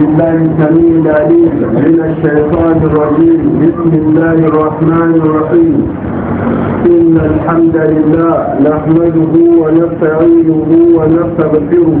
بالله السميع العليم من الشيطان الرجيم بسم الله الرحمن الرحيم إن الحمد لله نحمده ونستعينه ونستغفره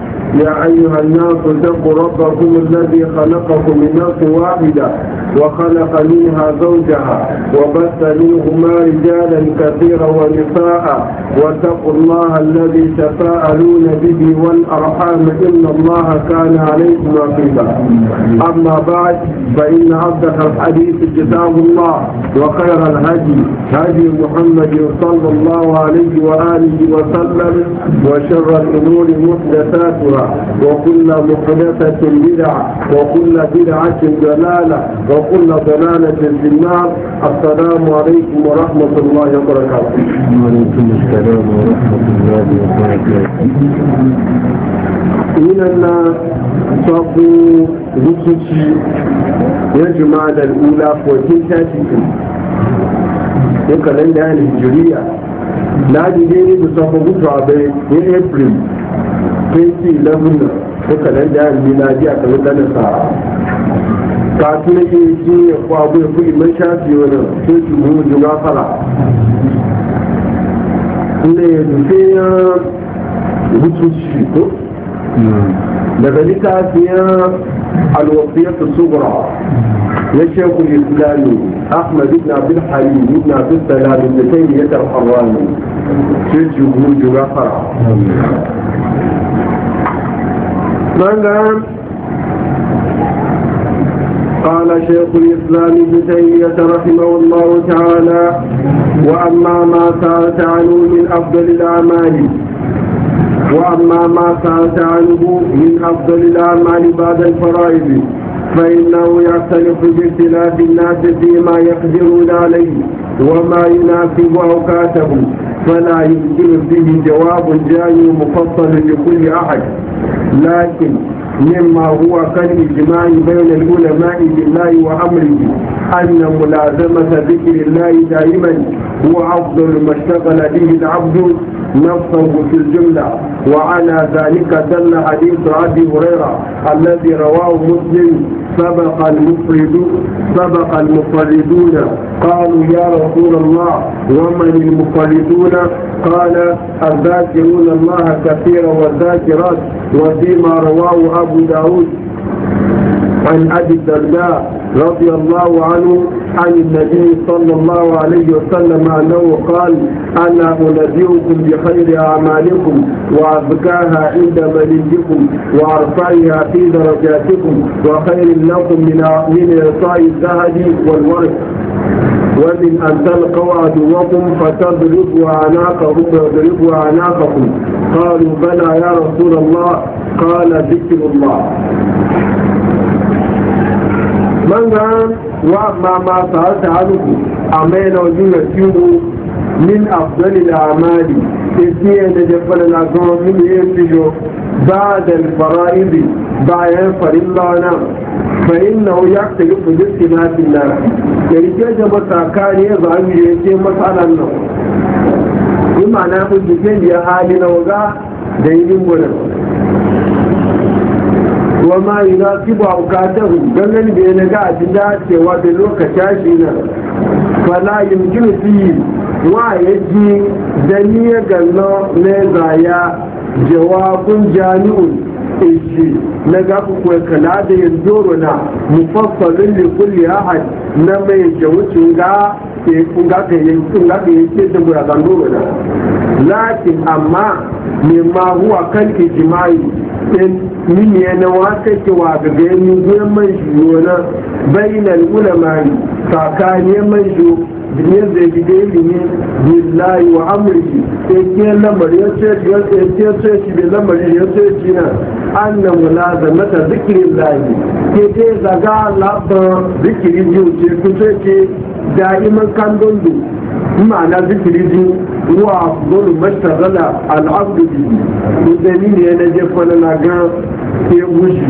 يا أيها الناس اتقوا ربكم الذي خلقكم من نفس واحدة وخلق منها زوجها وبث منهما رجالا كثيرا ونساء واتقوا الله الذي تساءلون به والأرحام إن الله كان عليكم رقيبا أما بعد فإن أصدق الحديث كتاب الله وخير الهدي هدي محمد صلى الله عليه وآله وسلم وشر الأمور محدثاتها وكل محدثة بدعة وكل بدعة ضلالة وكل ضلالة في النار السلام عليكم ورحمة الله وبركاته وعليكم السلام ورحمة الله وبركاته من الناس صفو ركشي يا جماعة الأولى 1432 ko kalanda hijiriya na jide ne da safa gutu a bai ne april twenty eleven na kalenda ya miladi a kalenda na sa kafin na ke ji ya kwa abu ya kuɗi mai shafi wani sai su mu ji gafara ne sai ya rutu shi ko daga littafiyar alwasiyar sugura na shekul islami ahmad ibn abdul halim ibn abdul salam ibn taymiyyah al-harrani sai jugu jugafara من قام قال شيخ الإسلام ابن تيمية رحمه الله تعالى وأما ما سألت عنه من أفضل الأعمال وأما ما سألت عنه من أفضل الأعمال بعد الفرائض فإنه يختلف باختلاف الناس فيما يقدرون عليه وما يناسب أوقاتهم فلا يمكن به جواب جامع مفصل لكل أحد لكن مما هو كالإجماع بين العلماء بالله وأمره أن ملازمة ذكر الله دائما هو أفضل ما اشتغل به العبد نفسه في الجملة وعلى ذلك دل حديث أبي هريرة الذي رواه مسلم سبق المفردون سبق المفردون قالوا يا رسول الله ومن المفردون قال الذاكرون الله كثيرا والذاكرات وفيما رواه أبو داود عن أبي الدرداء رضي الله عنه عن النبي صلى الله عليه وسلم أنه قال أنا أنبئكم بخير أعمالكم وأزكاها عند مليكم وأرفعها في درجاتكم وخير لكم من من إعطاء الذهب والورق ومن أن تلقوا عدوكم فتضربوا أعناقهم ويضربوا أعناقكم قالوا بلى يا رسول الله قال ذكر الله Mangan wa ma ma ta ta hadu a mai na wajen min abdali da amali ke siya da jefala na gama min yi fijo ba da fara'idi bayan farin ba na farin na wuya ta yi fujiski na finna ya rike da matsaka ne za zaɓi ya ce matsalan nan kuma na fujiski ya hali na waga da yi yin gudan wa ma yunaqibu awqatahu gangan da ya ga abin da cewa da lokaci shi na fala yumkinu fi wa yaji dani ya gallo ne zaya jawabun jami'un ishi na ga kuwa kala da yanzu na mufassalin li kulli ahad na mai jawucin ga kunga ka yi kunga ka yi ce da burakan doro na lakin amma ma huwa kan ijma'i in من ينواتك وابغين يجي منجونا بين العلماء فكان يمنجو duniyar da gida ilimi billahi wa amurki tsakiyar lamari ya ce ya ce shi bai lamari ya ce shi na an na mulaza mata zikirin lahi ke ce zaga labar zikirin yau ce ku ce ce da'iman kandon ma'ana zikiri din wa zolu mashagala al'abdu bi mutane ne ya naje fana na ga ke gushi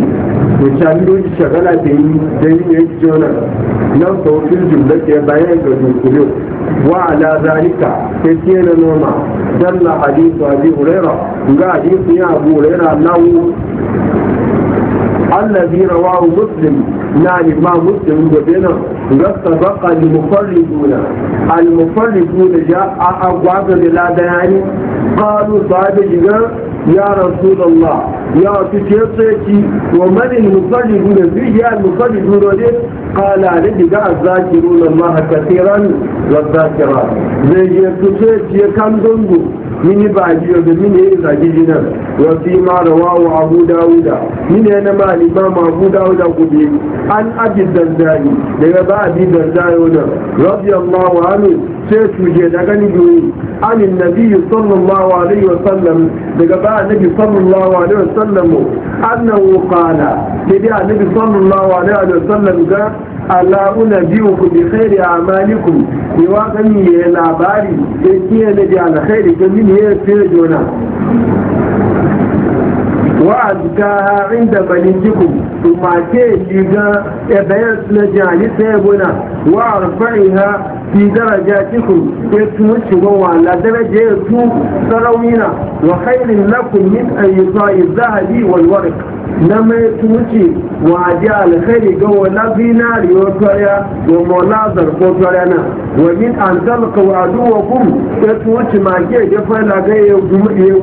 da cani doji shagala da yi da yi ne jona nan sautin jumla ke bayan ga dukkulu wa ala zalika ke ce na noma dalla hadisu abi huraira ga hadisu ya abu huraira lawu allazi rawahu muslim na imam muslim da benin يستبقى المفردون المفردون جاء أبواب بلاد يعني قالوا صاحب جاء يا رسول الله يا تشيطيتي ومن المفردون فيه المفردون ليه قال لدي الذاكرون الله كثيرا والذاكرات زي يتشيطي كم دنبو mini ba biyo da mini yin zage nan wa fi ma rawahu abu dawuda mini yana ma al-imam abu dawuda gobe an abi dardani daga ba abi dardani wannan radiyallahu anhu sai tuje daga ni biyu an annabi sallallahu alaihi wa sallam daga ba annabi sallallahu alaihi wa sallam annahu qala daga annabi sallallahu alaihi wa sallam ga Allah biyu ku bi khairi amalikum ni wa ya yi labari ya kiyaye da bi alkhairi kan min ya fi jona wa azka inda balikikum shi shiga ebayan sinajin halitta ya buna wa arfa'iha fi daraja cikin ya tumu shigowa la daraja ya tu saraunina wa khairin lakum min ayyuka zahabi wal warq na mai tuci wa ji alkhairi ga wala zinari tsariya wa mola zarko tsariya na wa min an wa aduwa kun ya tuci ma ke ya fara ga ya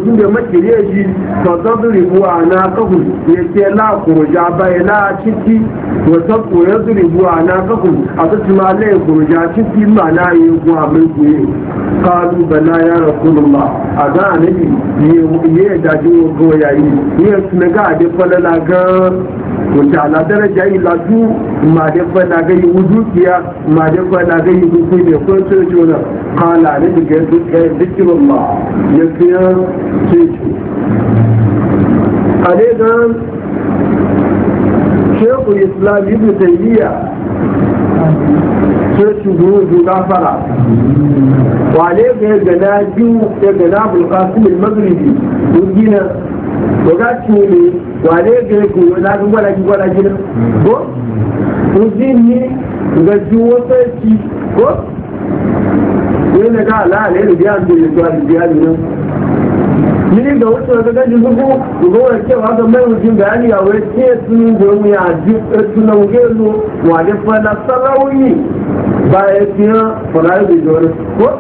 gume makire shi fa tadribu ana kahu ya ke la ya la ciki wa sabko ya zuri buwa na kafin a sassi ma la ya kurja ciki ma na ya yi kuwa mai kuye kalu bala ya rasulullah a ga anabi ne ya daji wa ya yi ya suna ga a dafa lala ga wata ala daraja yi latu ma dafa na ga yi wudukiya ma dafa na ga yi hukumi ne ko sai jona kala ne ga ga daga zikirullah ya fiye ce ce a dai shekul islam ibn taymiya sai gudu gafara wale ga gana biyu ya gana bulkasim al-maghribi dungina waga cule wale ga gudu na gwada gwada gina ko dungini ga juwa sarki ko yana ga ala alayyar biya da ya biya da mini da wasu daga gaji zuku zuwa cewa ga mai wujin bayani a wai ce sun gomi a tuna eh, gelu wani fana sarauni ba ya fiye fulani da jori ko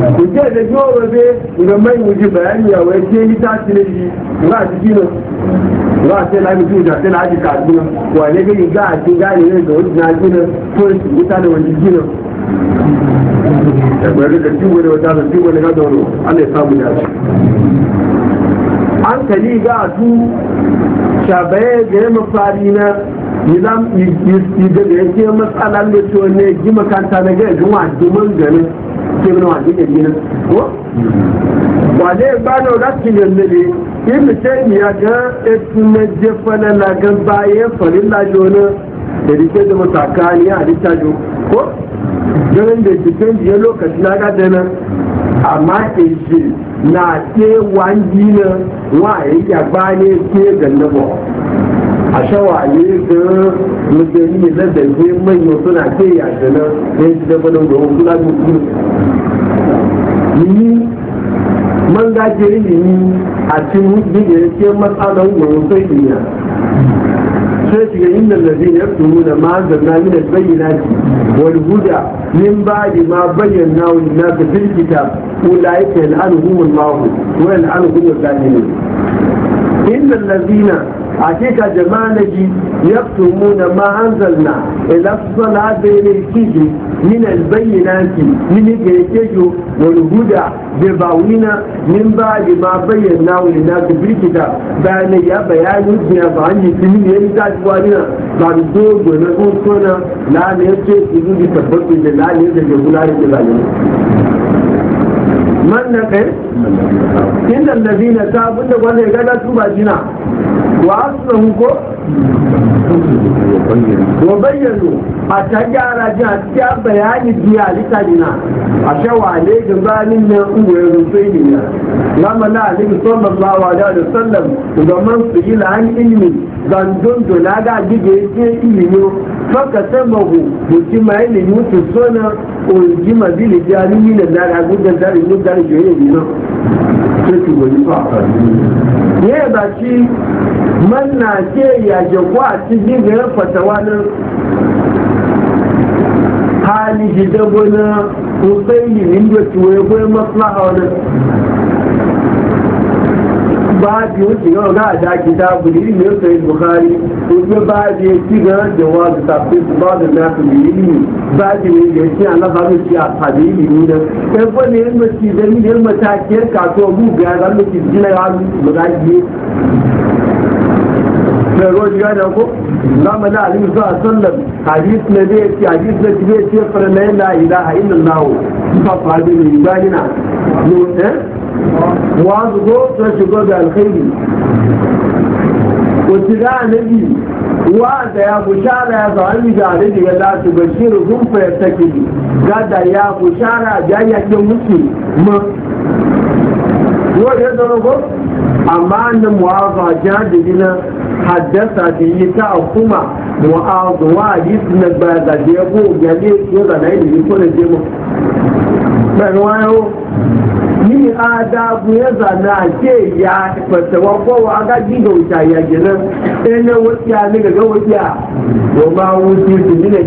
ku kuje da jiwa wabe ga mai wujin bayani a wai ce yi ta cire shi ga ciki ne za a ce lami tuja ta na aji kasu ne wane gani ga a ce gane ne da wajen na gina ko shi mutane wani gina da kuma rika ciwo da wata da ciwo ya an kali ga su shabaye ga yamma fari na nizam da da yake matsalan da ciwo ne ji makanta na gaya juma domin ganin ke bin wajen gani na ko wane ba na rakin yanzu ne ibn ga farin da dike da matakani a dikajo ko ganin da ke canji ya lokaci na gada nan amma ke na ke wangi na wa a yi gaba ne ke ganda ba a shawa ne da mutane na da ke manyan suna ke yadda na ya ji dafa da wani suna da mutu ni man gaje ni a cikin da ke matsalar wani sai duniya آخرته إن الذين يبتمون ما أنزلنا من البينات والهدى من بعد ما بيناه للناس في الكتاب أولئك يلعنهم الله ويلعنهم الباهنين إن الذين hakika jama'a na ji ya tumu na ma'anzalna ila sala bene kiji min albayyinati min gekejo wal huda bi bawina min ba di ma bayyana wa na kubikita bayan ya bayani ya ba an yi tuni ne da tsawalina ba da dogo na kuntona la ne yake su ji da la ne da jula da zalimi man na kai inda lalazina ta abinda wanda ya gada su ba jina वास्तव को wa bayyano a ta gyara ji a cikin bayani biya litalina a shawa ne gabanin nan uwe rufe ne ya lama na alibi sallallahu alaihi wa sallam ga man su yi la'an ilimin zandun dona ga gige ce ilimin faka samahu mutum ma ilimin su sona oji mazili yi na dara gudan dara gudan dara joye ne nan sai ba ne ba man na ke ya yage ko a cikin garin fatawa nan hali shi dabo na usaini min tuwe ko maslaha wani ba bi wuce yau ga da gida buliri ne sai bukhari ko ba bi ci ga da wa da tafsir ba da na su yi ba bi ne ga ci Allah ba ci a fadili ne da sai ko ne mu ci da ni da matakiyar ka to mu ga ga ci dina ga mu na roji gane ko zama na alim su a sallam hadis na zai ce hadis na zai ce fara na yana ila a inda nawo ba fadi ne ba yana wa zugo ta shigo da alkhairi wacce ga annabi wanda ya bushara ya zahari da ne daga za su bashiru kun fayar take gada ya bushara ya yakin musu ma wani ya zama ko amma da mu'afa na haddasa da yi ta kuma mu'afa wa hadisi na ba da ya ko gane ko da na yi ko da je mu bẹ̀rẹ̀ wọn yóò ní adágún ẹ̀zà náà ṣe ìyá pẹ̀tẹ̀wọ́ fọ́wọ́ agájídò ìṣàyẹ̀jẹ̀ náà ẹni wọ́n ti à ní gẹ̀gẹ́ wọ́n ti à wọ́n máa ń ti tù nílẹ̀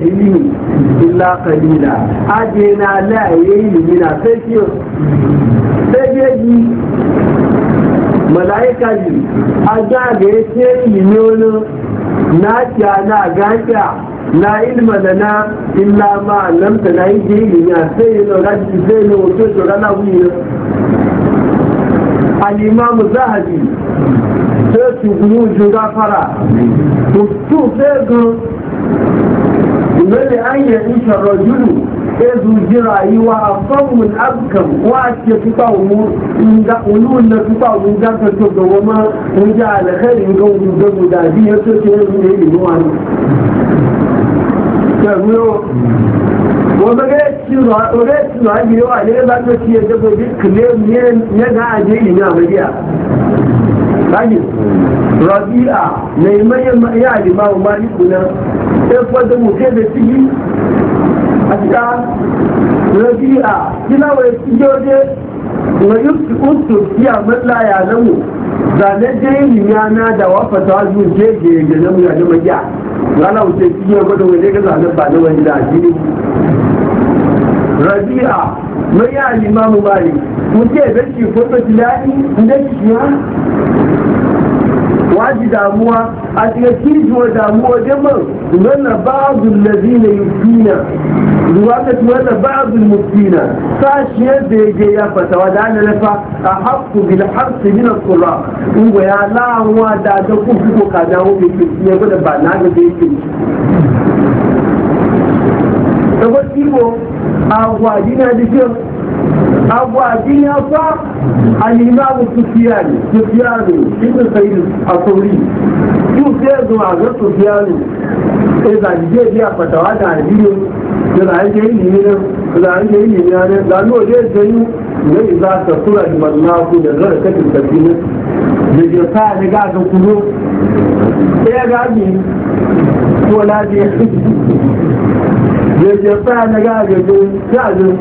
màláíkà a ajá ga ya ìní yi náàkíá náà gáàkíá na ilma na illa ma lamta na yi je ilimi a sai yi lura ji sai yi wato tura na wuyi alimamu zahabi sai su gudu juga fara mutu sai gun lórí ayé ìṣòro jùlù ezu ji rayuwa a famun abkan wa ke tuka mu inda ulun na tuka mu da ka to ga wama mun ji alkhairi ga mu da mu da bi ya to ce mu ne ni wa ni ta mu wa ba ga ci ra wa ga ci ra bi wa ne ba to ci da ba bi kle ne ne ga aje ina ba dia Rajin, Rabi'a, mai manyan ya limamu maliku nan, sai kwa da mu ke da ciki àṣíká rabi'a kíláwẹ̀ ìjọ́jẹ́ wọ́n yóò tó sí àmọ́lá yàlẹ́wò zàlẹ́jẹ́ ìrìnà náà da wafata zuwa jeje ga nan ya da magiya rana wuce shi ya wani ga zane ba na wani da ajiyar rabi'a mai ya limamu mali mutum ya shi kwanta tilani inda shi ya waji damuwa a cikin wa damuwa jaman wanda ba'adun lazina yufina zuwa ta ci wanda ba'adun mufina sashiyar da yake ya fatawa da ana lafa a haƙƙu bil harsi min al-qura in go ya lawa da da ku ko ka dawo bai ki ne da ba na ga bai ki da wasu ko a wajina da kyau abu adin ya fa al-imam sufyan sufyan ibn sa'id al-thawri su sai zuwa ga sufyan sai da je biya fatawa da hadisi da da yake yi ne da da yake yi ne da da no je jayu ne za ta sura da mallahu da zarkatin tabbina da je sa ne ga o kuno sai ga ni ko la je yake tsaya na gagaje yazo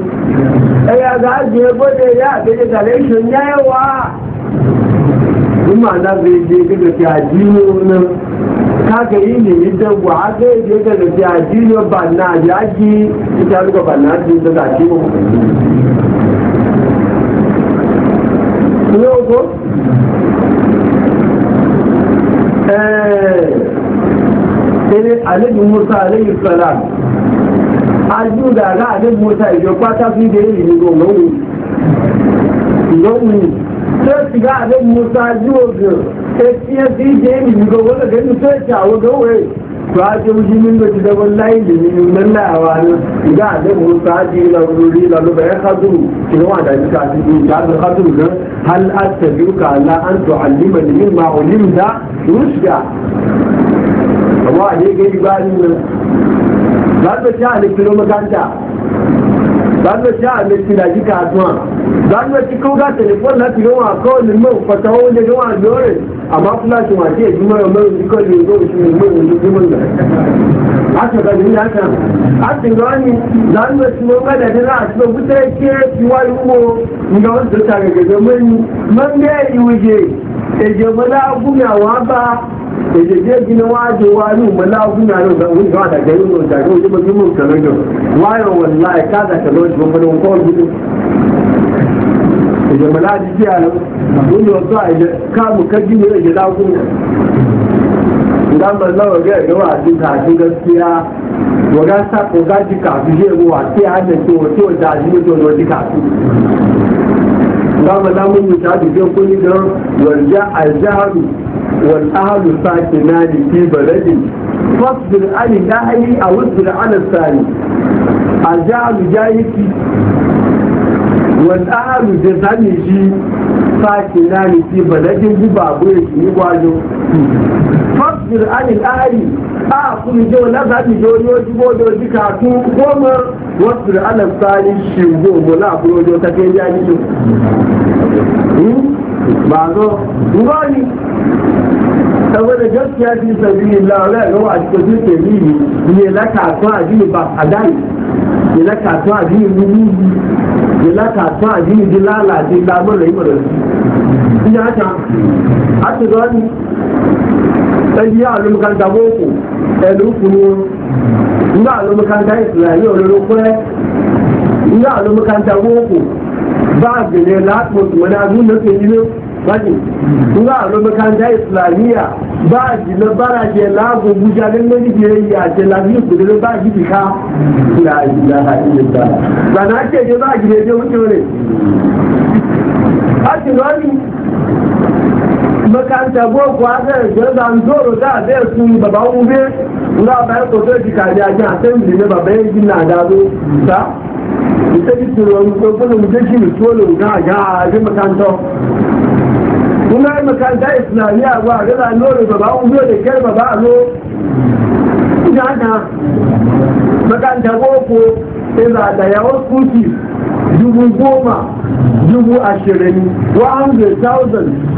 eh, ya gaje gode ya gaje galation yawa kuma na zai je ga je ga ita ji eh, da Musa Salam, ajúdà láàrin mọ́ta ìjọ pátá fi dé ìrìnlò lọ́wọ́ lọ́wọ́ ṣẹ́ẹ̀tì láàrin mọ́ta ajú òbìrò etí ẹ fi dé ìrìnlò wọ́n lọ́gẹ́ ní ṣẹ́ẹ̀tì àwọn lọ́wọ́ to a ce wuji min da ci daban layi da min nan layawa ne ga da mu ta ji la ruri la lu bayan haduru ki wa da ji ka ji ta da haduru nan hal attabiuka la an tu'allima li mimma ulimta rushda amma ne ga ibani nan zando ci a lekilo makanta zando ci a lekila ji kasuwa zando ci ko telefon na ti gawa ko ni fata wo le gawa amma kula ci wa ce ji mara mara ji ko le go shi mo wani ji mo na aka ga ni aka a ti ga ni zando ci mo da ni na ci bu tare ke ti wa yu mo ni ga wanda ga ga mo yi man yi wuje e je bala abuya ba èdèdè gini wájú wá ní ìmọ̀lá ogun náà ló ń gbà dàgbà yóò lọ dàgbà ojú bójú mú nǹkan lọ́jọ́ wáyọ̀ wọn lá ẹ̀ka àdàkẹ́ lọ́jọ́ gbogbo ní nǹkan ọ̀gbìn ìjọba láti jẹ́ àlọ́ lórí ọ̀tọ́ àìjẹ́ káàmù kájú ní èdè lágún ìdámọ̀ lọ́wọ́ rẹ̀ lọ́wọ́ àti àti gaskiya wọ́gá sápò gájì kàfi yé wo àti àjẹsí wọ́n tí ó da àdúgbò tó lọ sí kàfi ìdámọ̀ lámúnyù sáà dùgbẹ́ kó don gan wọ̀lẹ́jà àìjáàrù والأهل ساكنان في بلد فاصبر على الأهل أو اصبر على الثاني أجعل جاهتي والأهل جزاني ساكنان في بلد ببابوي نبالو فاصبر على الأهل أعقل جو لذهب جو يوجبو جو جكاتو ومر واصبر على الثاني شيوجو ملابو جو تكين جاني جو بعضو مغاني zama da gaskiya fi sabi la wala ga wa cikin su ke ni ne la ka to aji ba adai ne la ka to aji ni ni ne la ka to aji ni dilala ji la mu lai mu ina ta a ti ga ni sai ya lu kan da boko e lu ku ni ina lu kan bani kun ga a makaranta islamiyya ba a ji na bara ke lagun buja don na ji biyar ya ce lafiya ku dole ba a ji fika la ilaha illallah ba na ce ke ba a gire je wuce ne a ci wani makaranta boko a zai ga zan zoro da zai su baba ube nga bayar koto ji kaji aji a sai mu ne baba yin gina na zo ta ita ji tsoron ko kuma mu je shi mu tole mu ga a ga a ji makaranta kuma yi makaranta islamiyya ba a gaza lori ba ba un biyo da kyar ba ba a lo ina na makaranta boko ina da yawan kuti dubu goma dubu ashirin 100,000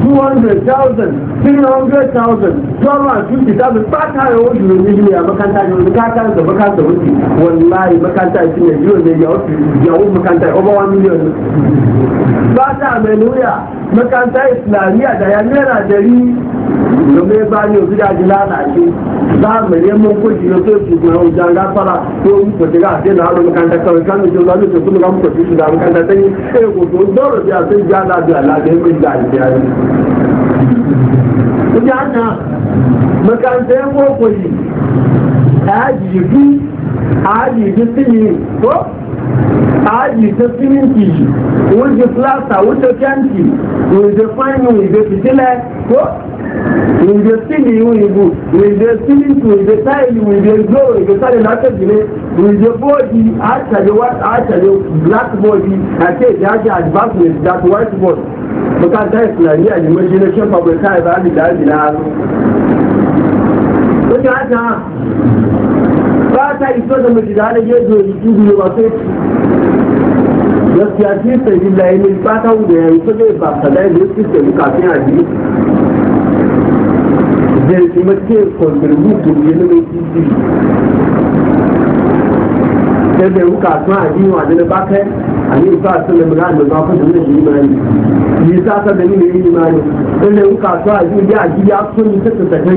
200,000 300,000 250,000 ba ta yawon jiro miliya makanta ne wani kakar da makanta wuce wallahi makanta shi ne jiro ne yawon makanta ya obawa miliyan ba ta mai nuya makanta islamiyya da ya naira dari lọ́mọ ẹ bá ní òfin àti lánàá ṣe láàmì ẹ mú kó ìdílé tó ti gbọ̀n ọjà ńlá fara tó ń pèsè ká àti ẹ̀nà àrùn kàńtà kan ìkànnì tó lọ́dún tó fún mi pèsè ìṣúná àrùn kàńtà sẹ́yìn èèkò tó dọ́rọ̀ bí àti ìjà aládùn aládùn ẹgbẹ́ ìjà ìjà ayé. ìjà náà mẹkàntẹ́ wọ́n kò yìí ààjì bí ààjì bí sí mi tó ààjì tó sí mi kì í wọ́n ti fúláṣà wọ́n ti kẹ́ǹtì wọ́n ti fáìnì wọ́n ti fitilẹ̀ ko. with the singing we do with the singing to with the time with the glory with the time na kejìlẹ with the body actually what actually black body na ke the advancement that white body because that is na ní àyèmọ́jì ní ṣé pàpẹ́ káyé bá mi dá mi náà lọ. ó ti àjà fata ìtọ́jú mi ti dáadé yé ju èyí tí ìlú wa fẹ́ tì. Lọ́sí àti ìfẹ̀yìnlá ẹni pátá wù ní ẹ̀yìn tó lè bàtà láì lé sí ìfẹ̀yìn kàfíà yìí. desmaquer contre vous pour bien le ici. C'est bien vous qu'à à dire, on ne pas faire, à dire ça, c'est le bras, le bras, c'est le l'imani. Il ça, ça devient le l'imani. C'est bien vous qu'à toi à dire, il y a, il y a, il y a,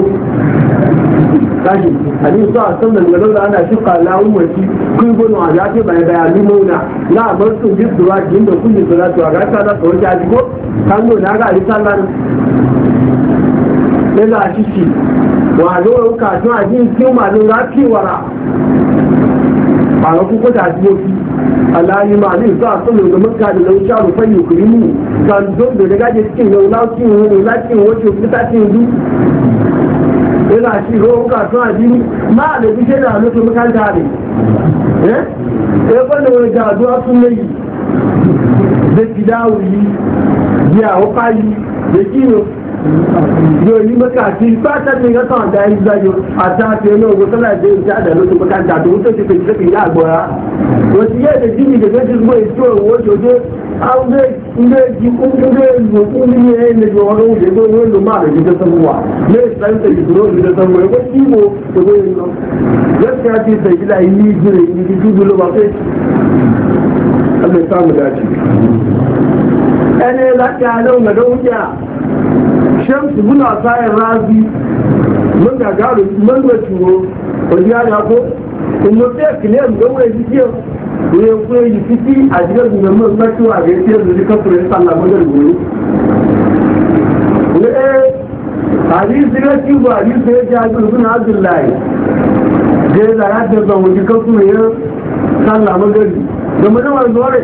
il kashi hadin sa san da gado da ana shuka lawun wasi kun gono a zafi bai bayani mauna na bar su bi suwa jin da kun yi salatu a gasa da tsawon jaji ko kan na ga alisallan lẹ́la àṣìṣì wà lóòrò kàtún àjí tí ó màá lóra kí wàrà àwọn kúkọ́ tàbí òfin aláyé máa ní ìfọ́ àtúnlò lọ́mọ́ká lè lọ́wọ́ ṣáàrù fẹ́yìn òkèrè mú gbàndó bèrè gájẹ tí ìyẹn láti ìwọ̀n ní láti ìwọ̀n tí òfin láti ìlú lẹ́la àti ìrọ̀ kàtún àjí máa lè fi a àlọ́ tó mọ́ká dáre ẹ́ ẹgbẹ́ yoyi makafi fatan ne ga son da yi zayo a ta ce ne go sana e e da yin ta da lutu makanta to wuce ce ke tafi da agbora wasu yau da jini da gajin zuwa ya ciwo wato je an zai ne ji kun zai zo kun ne ya yi ne ga wani wuce zo wani luma da gida samuwa ne san da gidro gida samuwa ya kwaci mo da yi yi yi shamsu muna sayan razi mun da garo mun da ciwo wani ya ya ko in mun kile kilem ga wani jikin ne ko yi fiti a jikin da mun ba a da sallah mun ne eh hadisi ga ci ba hadisi ya ji hadisi bin ga da ya da ban wani sallah mun da mun wani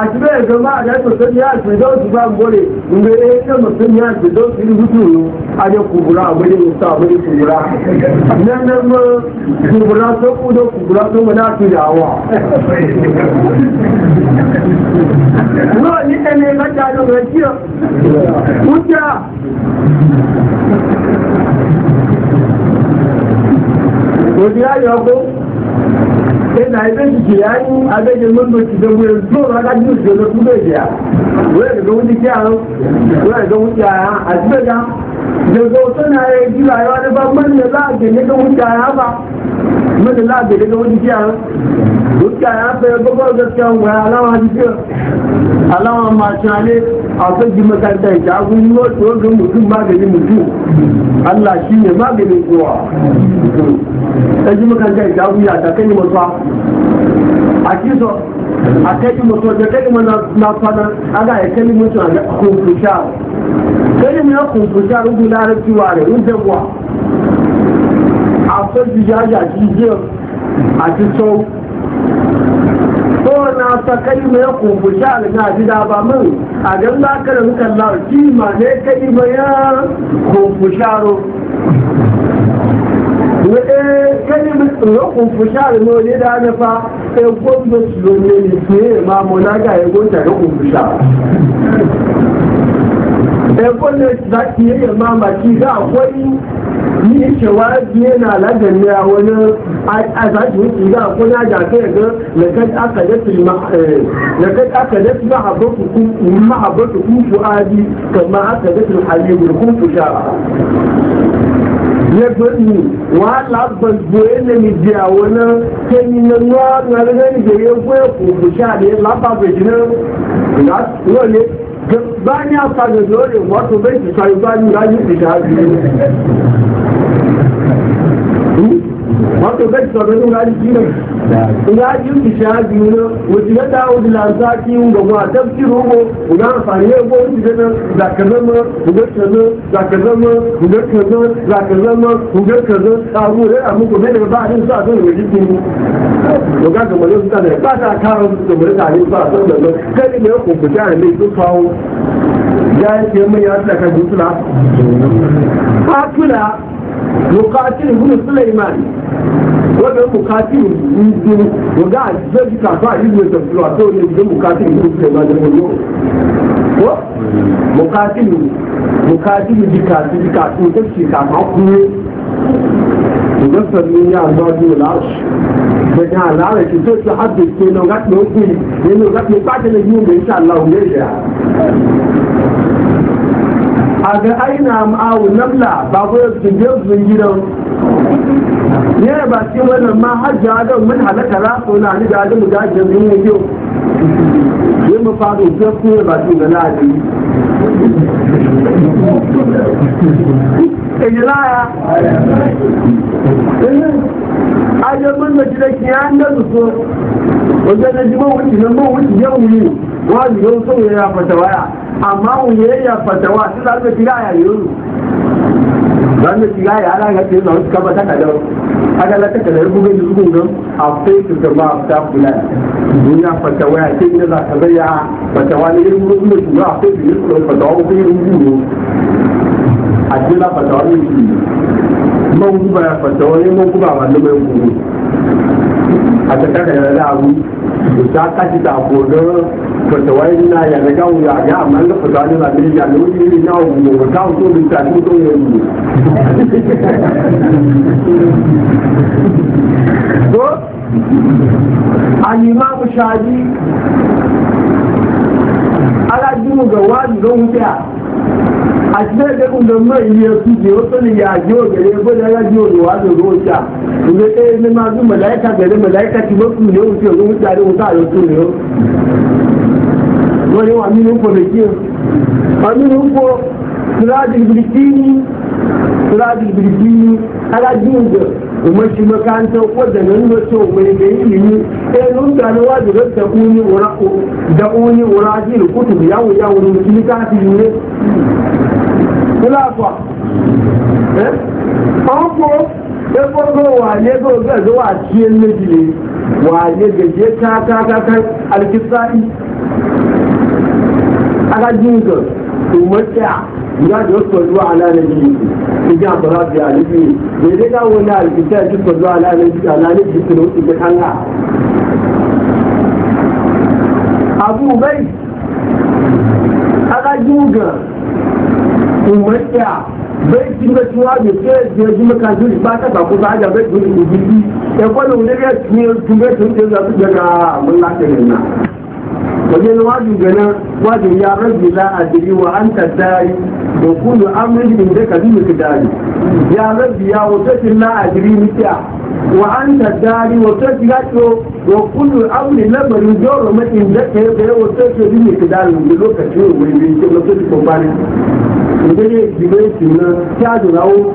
àṣìbẹ́ ẹ̀gbọ́n máa rẹ̀ tó sẹ́ni àṣìdọ́ ti bá gbọ́lẹ̀ ìgbé ẹ̀ṣẹ́ mọ̀ sẹ́ni àṣìdọ́ ti rí wútù rú ayé kùbùrà àgbélé ìta àgbélé kùbùrà nẹ́nẹ́ mọ́ kùbùrà tó kú ló kùbùrà tó mọ́ láti rà sai na ibe shi ya yi a zai mun da ki zama yanzu to za ka ji su da ku zai biya wai ga wani kiyaye wai ga wani kiyaye a jiya ga daga wasu na ya yi rayuwa da ba mun da za a gane ga wani kiyaye ba mun da za a gane ga wani kiyaye dukka ya fara gobar gaskiya wa alama jikin alama masu hale a kaji makaranta ya jagun yi wasu wajen mutum maganin mutum allah shi ne maganin kowa kaji makaranta ya jagun ya ta kai masuwa a kiso a kai masuwa da kai mana na fana ana ya kai mutum a kumfusha kai mu ya kumfusha rubu larabci wa da rubu a sojiya ya ji ko na sa kai me ku sha na gida ba mun a ga la ka ji ma ne kai ya ku sha ro ne eh, kai sha ro ne da na fa e ko su ne ne eh, ma mo na ga e sha ɗaifon da za ki yi yamma baki ga akwai yi cewa biye na ladan a wani a za ki yi ga akwai na da kai ga lakad aka da su lakad aka da su mahabbatu ku mahabbatu ku fuadi kama aka da su halibul ku fushara ya gani wa labban goye na mi biya wani kemi na nwa na da ni da ya goye ku fushara ya labba ga jinan na wale bá ní àtàlẹ̀ lórí wọ́n tó bẹ́ẹ̀ ti sáré bá ní láyé ìdájú wato kai to ganin ga ji ne ga ji ki sha biyu ne wuce ga ta wuce lanza ki un ga wa tafsiru ko ga amfani ne ko wuce ga da kazan ma ku ga kazan da kazan ma ku ga kazan da kazan ma ku ga kazan ta ru ne a muku ne da ba din sa don ji ki to ga ga malo ta ba ta ka da mu ta ne ba don da kai ne ku ku ne su kawo ya ce mun ya ka gutula ha mukatil ibn sulaiman wanda mukatil ibn wanda a zai ka fa ibn tafsir wa to ne mukatil ibn sulaiman da ko ko mukatil mukatil dikati dikati ko shi ka ma ku mudassar min ya zaji lash da kan alala ki to ki hadde ke no gat no ku ne no gat ne ba ta ne yin da insha a ga aina ma'awun namla ba su ya su gidan ne ba ce wannan ma hajji adam mun halatta za su na ni da mu da ajiyar yin yau yi mu faru biyar su ne ba su eh, da ladi a ajiyar mun da gidan kiyan da su so wajen da jima wuce nan mun wuce yau ne wọ́n yóò tó yẹ ya fatawa ya amma wọ́n yẹ ya fatawa sí lálẹ́ tí láyà yóò lálẹ́ tí láyà alága zan náà ti kaba takadar agala takadar bugun da bugun nan a fai su gaba a ta kula duniya fatawa ya ce ina za ka zai ya fatawa ne irin wurin da shugaba a fai su yin tsoron ko irin bugun a ce la fatawa ne shi man ya fatawa ne man guba ba ne mai gugu a ta takadar da abu da ta kashi ta kodon fatawayin na ya daga wuya ya amma na fata ne ba ne ne wani ne na wuyo ba ta wuto da ta wuto ya so al-imam ala jimu ga wani don wuta a cikin da kun da mai iya su je wasu ne ya ji wa gare ko da ya ji wa ruwa da ruwa sha ɗaya ne ma su malaika gare malaika ci ba su ne wuce wuta a ne wani aminu ko da ke aminu ko sirajin birkini sirajin birkini alajin da umarci makaranta wadda nan da so mai da ilimi ɗaya nun da na wajen rasta uni wura da uni wura ji da kutu da yawo yawo da mutum kafi ne kula kwa eh an ko ẹgbọ́gbọ́ wà ní ẹgbọ́gbọ́ wà tí ẹ méjìlè wà ní ẹgbẹ̀jẹ̀ káàkáàkáà alìkísáì aga jinga to mata ya da wasu zuwa ala na biyu su ji abara da alibi da zai ga wani alkita ji ko zuwa ala na biyu ala na da ga abu bai aga jinga to mata bai ti bɛ tún wáyé tí ẹ di ojú mẹ́ka tó ti bá tàbá kó bá jà bẹ́ẹ̀ tó ti di bí ẹ̀kọ́ lòun lé bẹ́ẹ̀ tún bẹ́ẹ̀ tó ń tẹ̀lé ọdún wajen wajin gana wajin ya rabbi la adri wa an anta dari da kullu amrin inda ka bi mikdari ya rabbi ya wasati la a adri mita wa an ta dari wa tafi gato wa kullu amrin lamarin joro ma inda ka yi bayan wasati bi mikdari da lokacin wani bi ke lokacin kofari idan ya jibe shi na ta jirawo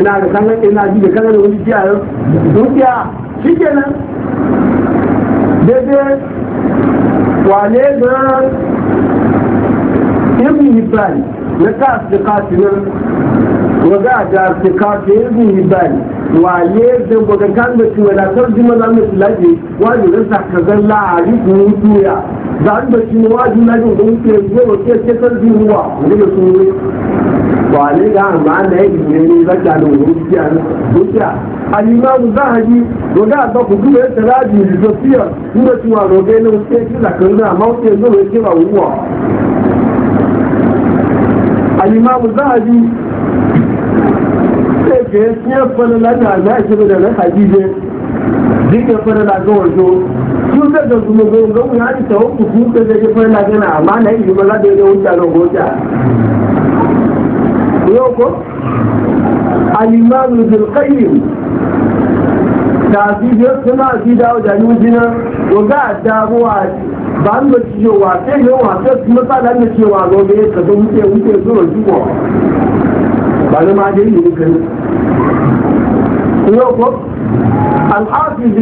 ina da kanan ina ji da kanan wani jiya yau dukiya shi kenan daidai wale ga ibn hibban na ta su kafinin waga da su kafin ibn hibban wale da waga kan da su wada kan jima za mu tilaje wani da zan la'ari ko mutuya za a da shi wajin lajin da muke zuwa ke ce kan zuwa wani da su wale ga amma na yi ne ne zaka da wani dukiya alimamu zahabi lọ́dá àgbàkùnkú rẹ̀ tẹ̀lé àjì ìrìnjọ sí ọ̀ nígbà tí wọn àrọ̀gẹ́ ní oṣù tí ìlàkan náà máa ń tẹ̀ lóòrè tí wà wúwọ̀. alimamu zahabi ṣèké sí ẹ̀ fọ́nà lánàá àgbà ìṣẹ́lẹ̀ rẹ̀ lẹ́ka jíjẹ díkẹ́ fọ́nà lágbà ọ̀jọ́ tí ó fẹ́ dọ̀tún gbogbo ìgbòho yà á ti tẹ̀wọ́ kùkú pẹ́ẹ́dẹ́gbẹ́ fọ́nà lágbà náà àmà náà ìlú alimami zulkayin tàbí bí ó da máa fi dá ọjà ní ojúná ọgá àdáwọ àti bá ń lọ ṣíṣe wà tẹ́lẹ̀ wà tó ti mọ́ sáà lẹ́nu ṣe wà lọ bẹ́ẹ̀ kẹ̀tọ́ wípé wípé sọ̀rọ̀ jùmọ̀ bàlẹ́ máa dé ìlú kẹ́lẹ́. ìyókò alhafiz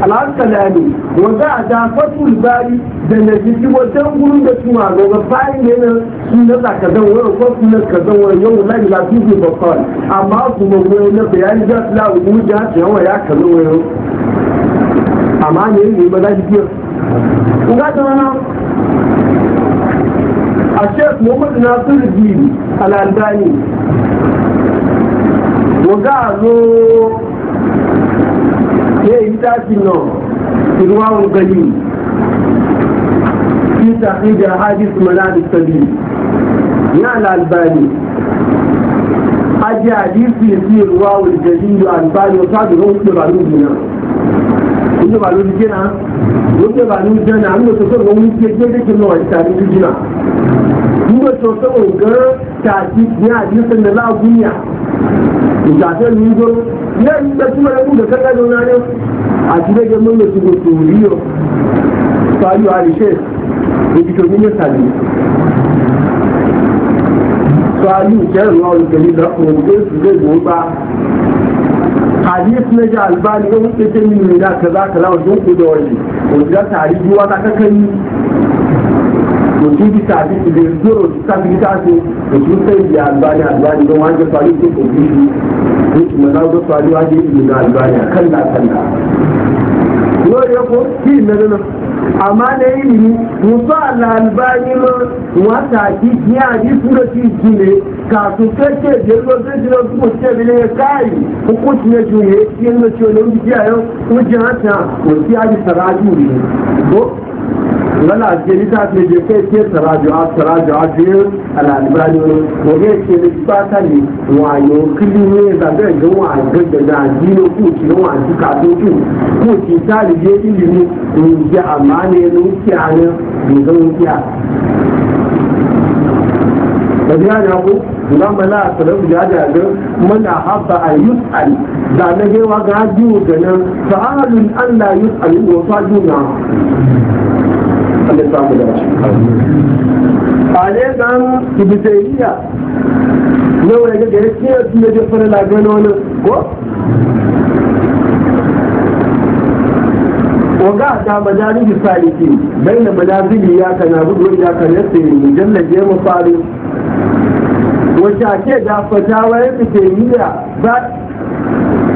al'askalani wanda a dafatul bari da na jiki wajen gurin da tuma ga bayan ne na suna zakazan wani ko suna kazan wani yau na ila tuzu bakon amma kuma wani na bayani za su lawo gurin da su yawa ya kazo wani amma ne ne ba za shi biyar. Kuka ta rana a shek Muhammadu Nasiru Dini al'albani. Waga a zo littafin nan irwawun gani fi tafi da hadis manadis sabi ya al'albani aji hadisi fi irwawun gani da albani wata da zan kuɗe ba lulu na kuɗe ba lulu jina kuɗe ba lulu jina an da sosai ga wani ke gede kin nawa tafi su jina kuma sosai ga tafi ya hadisin da za a gunya ìtàṣẹ́ ní igbó ilé ìgbẹ́ tí wọ́n lẹ́kùn kẹ́kẹ́ ló náà ní àti lẹ́gẹ́ mọ́lẹ̀ tí kò rí ọ pàálù àríṣẹ́ ìdìtò ní mẹ́tàlì pàálù ìjẹ́rùn ọ̀rùn pẹ̀lú lọ́kùnrin tó sì lè wò bá hadith na jalba ne wani tsaye ne da kaza kaza wajen kudu wani wajen tarihi wata kakanni mutum ta a cikin da zoro ta fi ta ce da su sai ya albani albani don wani faru ce ko bishi ko kuma na zo faru wani ibi na albani a kan da kan da yau ya ko shi na nuna amma na yi ni musa ala albani ma wata ki ya ni sura ki ji ne ka su kace je zai ji na ko ce bile ya kai hukunci ne juye yin na ce lo ji ya yau ko ji hata ko ya ji saraju ne ko wala je littafi je kai ke taraju'a taraju'a je al'alibani ko ke ke da fata ne wayo kili ne da ga ga wa ga da da dino ku ci wa ci ka to ku ku ci tali je ilimi in ji amane ne ki ana bi ga ki a da ya na ku nan bala salam da da ga muna habba a yus'al da na ga wa ga ji ga nan sa'alun an la yus'al wa fajuna wanda ta mu dace. A ne dan ibitaniya yau ne ga gaskiya sun yi jefare na gano wani ko? Oga ta majari bi saliki bai na majari bi ya kana gudu wani ya kana ya sayi mujalla je mu fari. Wace ake da fata wani ibitaniya za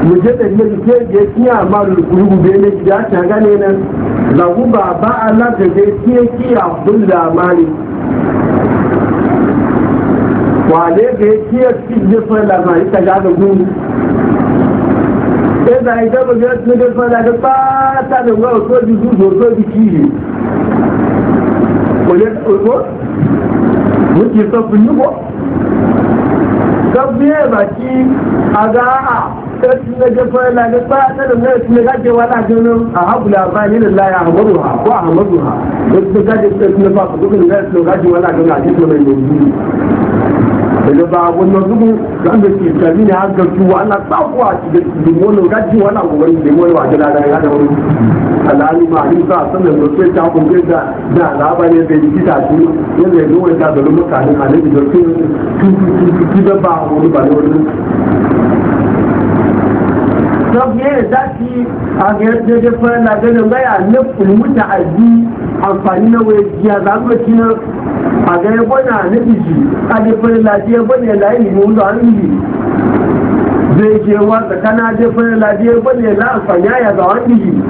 mujallar ne ke ke kiya a rubu be ne ya ta gane nan lagu ba ba Allah da ke ke kiya bulla mali wa ga ke ki ne fa la ma ita ga da gun e da ida ba ga ne ga fa la da ba ta da wa ko di du do ko di ki ko le ko mun ki sa fun ko sabbe ba ki aga a na jefa na ga ba na da mai ne kake wada a hakula ba ni da ya hamadu ha ko hamadu ha da ga da ke ba ku dukkan da gaji a cikin mai ne daga ba wannan zubu da ke tabi ne har gaci wa Allah tsakuwa da limon gaji wala gobe limon wa da da ga da ma ni da ta da da alaba ne da kita shi ne da zuwa da mutane a ne da ba wani ba wani zafiyar da zafi a gajiyar da fara na ganin baya na kulmuta a ji amfani na waya jiya za mu ci na a gaya bana na iji a da fara lafiya bane layi mu da an yi zai ke wa tsakana da fara lafiya bane la amfani ya ga an yi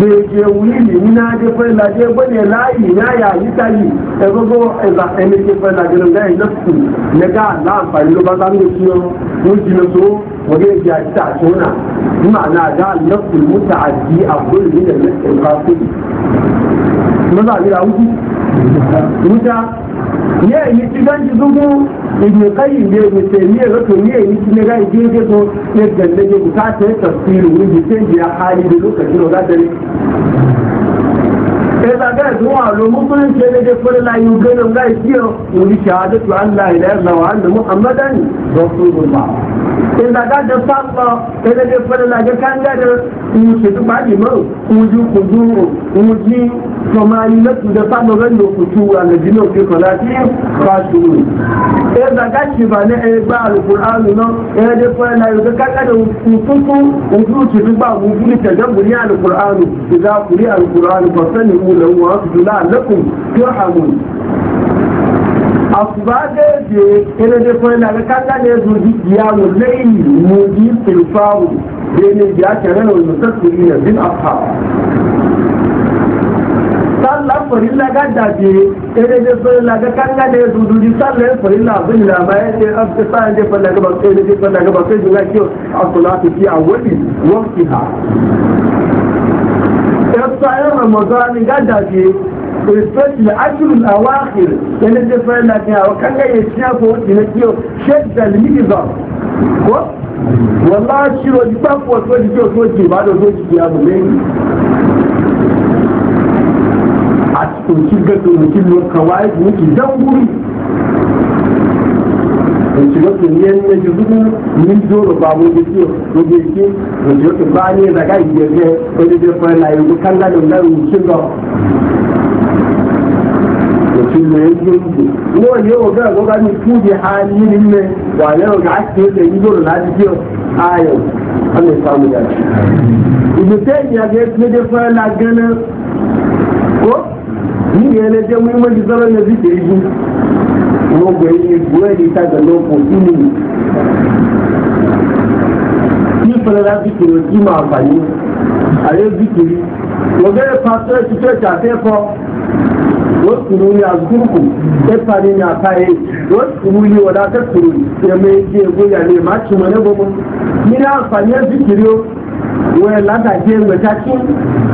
zai ke wuri limi na da fara lafiya bane layi na ya yi tali da gogo a yi ke fara lafiya bane na su ne ga na amfani ba za mu ci na mu na so وهي جاءت هنا بمعنى جاء اللفظ المتعدي أفضل من اللفظ القاصد ماذا أقول أوجي؟ متى يا يتجان جزوجو ابن القيم بيه ابن تيمية رتو يا يتجان جاي جي جيتو يتجان جي بتاعته تفسير ويجي تنجي حالي بلوكا شنو غادري sai ga zuwa domin kullum ce da dai kullum la yi ganin ga kiyo wuri shahadatu Allah ila illa wa anna muhammadan rasulullah sai da ga da sabba sai da dai kullum la ga kan ga da in ce duk ba ni mun uju kuduru uji to ma ni na da sabba ran da kutu wa na dino ke salati ba su sai da ga shi ba ne eh ba alquran no eh dai kullum la ga kan ga da kutu uju ci duk ba mu ni ta da buri alquran idza kuri alquran fa sani قبولا وأخذوا لعلكم ترحمون àfùbádé èdè elédè fún ẹni àgbékálá ní ẹzùn ojú ìyàwó lẹ́yìn mú bí pèlúfáwò lẹ́yìn ìdí àkẹrẹ òyìnbó sẹ́kùn ní ẹ̀bí àpá. sálà fòrílà gàdàdé elédè fún ẹni àgbékálá ní ẹzùn ojú sálà fòrílà àbúlà àbáyé ṣe ọ̀fẹ́ sáyẹ̀dẹ̀ fún ẹlẹ́gbẹ̀bà fún ẹlẹ́gbẹ̀bà fún ẹjọ́ láti ọ̀tọ̀lá àti fi àwọ̀lì ya tsayar ramadan ga dage respect da ajrul awakhir yana da fa na ga kan ga ya ci ko ina kiyo shadda al-mizan ko wallahi shiro di pa ko to di to to ji ba do to ji ya bu ne a cikin shigar da mutum lokawai mutum don guri òṣìlọ́tò ní ẹni ẹjọ́ dúdú ní dúró pa àwọn ojú tí ojú èké òṣìlọ́tò bá ní ìdàgá ìjẹ́jẹ́ onídẹ́ fún ẹ̀la ìlú kánádà lẹ́rù òṣìlọ́ òṣìlọ́ ẹjọ́ dúdú. wọ́n yẹ ọ̀gá ọ̀gá ní fúdi ha ní nílẹ̀ wà lẹ́rù ọ̀gá àti ẹ̀jẹ̀ yìí lọ́rọ̀ láti jẹ́ ayọ̀ ọ̀nà ìfàmù yàrá. ìdùtẹ́ ìyàgẹ́ onídẹ́ fún ẹ̀la gánà kó ní ìyẹn ẹlẹ́jẹ́ mímọ́ gbogbo ẹni búrẹ́dì ìtajà ló kò sí ni kí fẹlẹ́lá bìkìrì ojú máa fàyè àyè bìkìrì lọ́gẹ́rẹ́ pàṣẹ ti tẹ̀sí àtẹ́kọ́ lọ́sùrù ní àgùrùkù ẹ̀fà ní ní àtàyè lọ́sùrù ní ọ̀dà tẹ̀sùrù ẹ̀mẹ́ ìdí ẹ̀gbóyà ní ìmáàtúmọ̀ ní gbogbo ní àǹfààní ẹ̀ bìkìrì o. wani latace mataki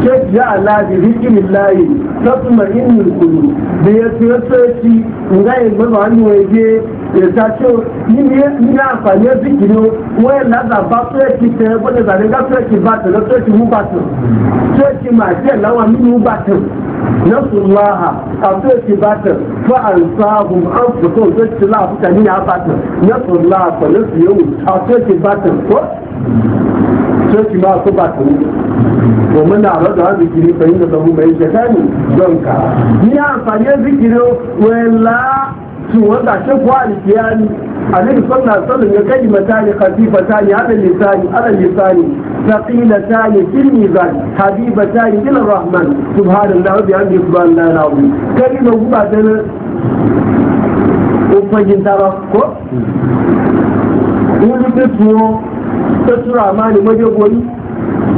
ke ya ala da rikirin layi ta kuma inin kudu da ya tsoye tsoye ci ngayin mazauni waje yẹ̀sà tí ó níbi ní àǹfààní ẹbí kìíní wọ́n ẹ̀ lázà bá fúrẹ́ẹ̀kì tẹ bọ́lẹ̀ zàdégá fúrẹ́ẹ̀kì bá tẹ̀lé fúrẹ́ẹ̀kì mú bá tẹ̀ fúrẹ́ẹ̀kì mà díẹ̀ láwọn mímú bá tẹ̀ lẹ́sùn láhà àfúrẹ́ẹ̀kì bá tẹ̀ fún àrùsáàbùn àǹfọ̀tò fúrẹ́ẹ̀kì láàfúkà ní yàrá bá tẹ̀ lẹ́sùn láhà pẹ̀lú ìyẹ̀wò àfúrẹ́ẹ̀kì bá tẹ̀ kọ́ fúrẹ́ẹ̀kì máa kó bá tẹ̀ domin na rada wa zikiri fahimta sabu mai shekani don ka ni amfani zikiri wela ki wanda ke kuwa alkiyani annabi sallallahu alaihi wasallam ya kai matani khatifatani ala lisani ala lisani thaqilatani fil mizan habibatani ila rahman subhanallahi wa bihamdihi subhanallahi alazim kalima guba da ofajin tara ko wani fituwo ta tura ma ne maje goyi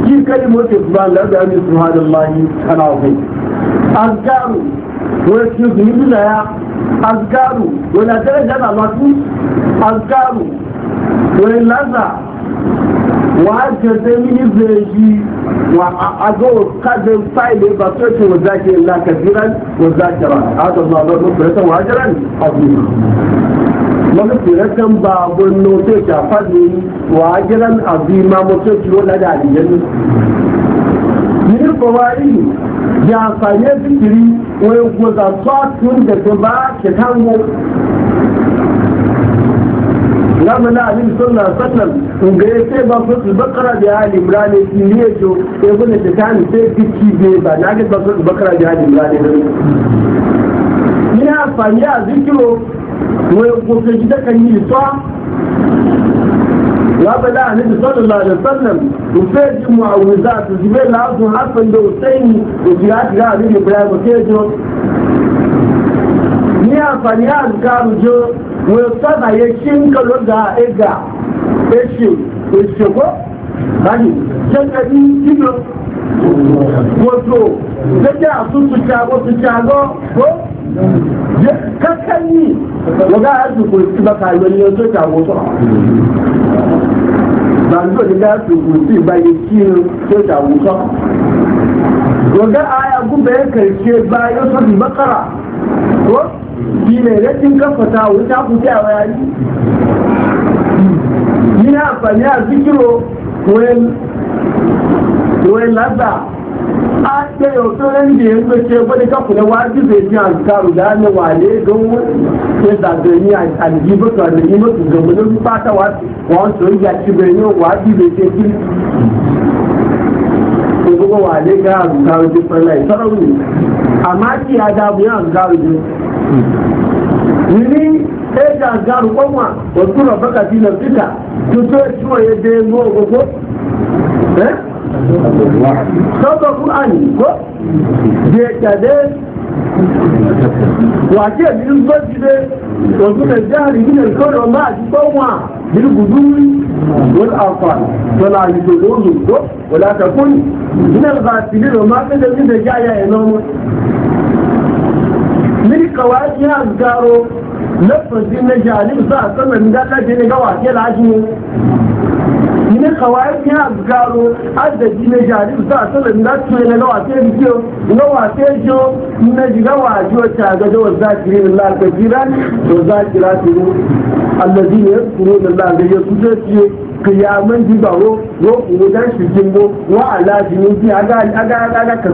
ji kalimotin subhanallahi wa bihamdihi subhanallahi alazim azkaru wani cikin zunubi na ya azgaru wani adara jana masu azgaru wani laza wa jẹsẹ mini zeji wa ago kadẹ faile ba tó ti wọ́n jáde ńlá kẹsìrán wọ́n jájara àtọ̀ náà lọ́dún pẹ̀lẹ́tẹ̀ wọ́n jára ní ọdún lọ́dún pẹ̀lẹ́tẹ̀ ń ba àbọ̀ nù tó ti àfàdé wọ́n jára ní àbí máa mọ́ ya amfani zikiri wai gwaza tun da ta ba ke tango lamu na alim suna sallar ga ya ce ba fasul bakara da ya limra ne shi ne jo ya gune ta ne sai fiki ne ba na ga fasul bakara da ya limra ne ne ina amfani a zikiro wai gwaza gida kan yi tsa وابدا النبي صلى الله عليه وسلم وفيت معوذات وجبال عظم حسن بوسين وجيات جاء النبي ابراهيم وكيجو ní àǹfààní àǹkárùjọ wọn sábàyé ṣí ń kọ̀ lọ́gà ẹ̀gà èṣù èṣùkọ́ báyìí jẹ́jẹ́ ní kílò wọ́tò jẹ́jẹ́ àtúntò ṣàgọ́ kankan yi waga azu ko ti ba ka ni o ta wo so ba ndo ni ka su ko ti ba yi ki o ta wo so waga aya ku be karshe ba yo so bi bakara ko shi ne rashin kafata wuta ku ta bayani ina amfani a zikiro ko ko lazza a ce yau sauran da yanzu ce wani kafu na wajen zai ji an karu da hannun wale don ya zagani a aljibu to da yi mutu ga mun rufa ta wani ya ci bai yi wajen zai ce ki ko kuma wale ga an karu da sallai sarau amma ki ya an karu da ni e ga an karu kwanwa wasu rabaka fita tuto ya ciwo ya je sọ́tọ̀ fún àyè kó di ẹ̀kẹ̀dẹ́ wà kí ẹ̀ nínú gbé jíde òtún lè jẹ́ àrí nínú ẹ̀kọ́ rẹ̀ ọmọ àti tó wà nínú gbùdú rí wọn àfà tọ́lá àyùtò tó lò tó wọlé àtẹ̀kùn nínú ẹ̀kọ́ àti nínú ọmọ akéde nínú ẹ̀kẹ́ àyà ẹ̀ lọ́wọ́ nínú kọ̀wá ní àgbàro lẹ́pọ̀ sí mẹ́jà nínú sọ́ àtọ́mẹ̀ nígbà kájẹ́ nígbà wà kí ẹ̀ lájú ni kawai ne a a adadi na jari su a tsallan da su ne na wace biyo na jo na jiga wa a jiwa ta gado wa za ki rinin lalata jira allazi ne ya tsoro da lalata ya su zai fiye kiyaman jibaro ya tsoro dan shi jimbo wa alaji ne fiye yi ka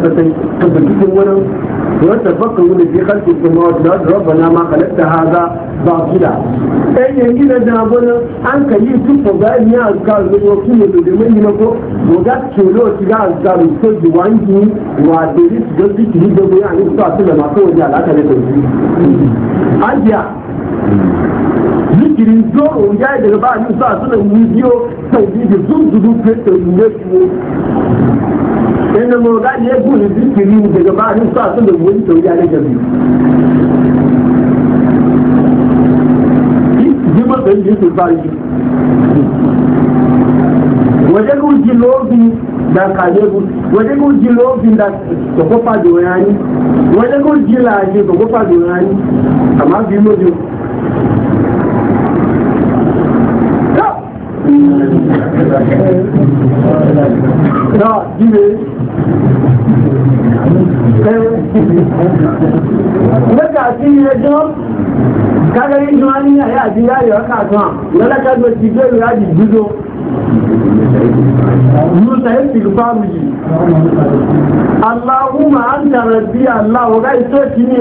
wurin وتفكروا في خلق السماوات والارض ربنا ما خلقت هذا باطلا اي يجي لنا بولا ان كان يسوف بان يا اذكار وكيل لمن ينكو وذاك كيلو تجا اذكار سوج وانجي وادريس جدي كي دو يعني استاذ لما كو جاء لا كان اجيا zikirin zoro ya yi daga ba a yi sa suna wuziyo sau biyu da zunzuru fiye da wuziyo yadda mu ga ne ku ne zikiri daga ba sa sun da wani tauri a daga ji matsayin ji su ba wajen guji lobi da kalebu wajen guji lobi da kofa da wani wajen guji laje da da wani amma biyu lobi Thank you. náà ka lẹ́gbà sí ẹjọ́ kágẹ́rí ní wọ́n ní ya àti yáyọ̀ kàtàn lọ́lẹ́gbẹ̀gbẹ̀ ti gbé ìrájì ya fi rufa mu yi allahumma an rabbi allah wa gai so ki ne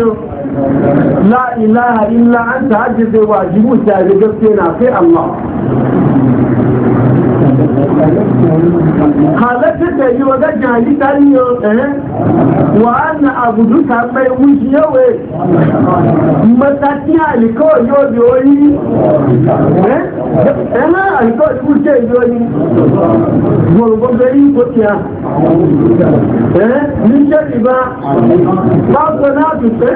la ilaha illa anta hajji wa wajibu ta gaske na sai allah halittar da yi wa gajen yi tariyo wa an abudu ta mai wuce yawe matakin alikawar yau da wani ɗana alikawar wuce yau ne gwalgwagari kotiya ni shari ba ba ko na tuce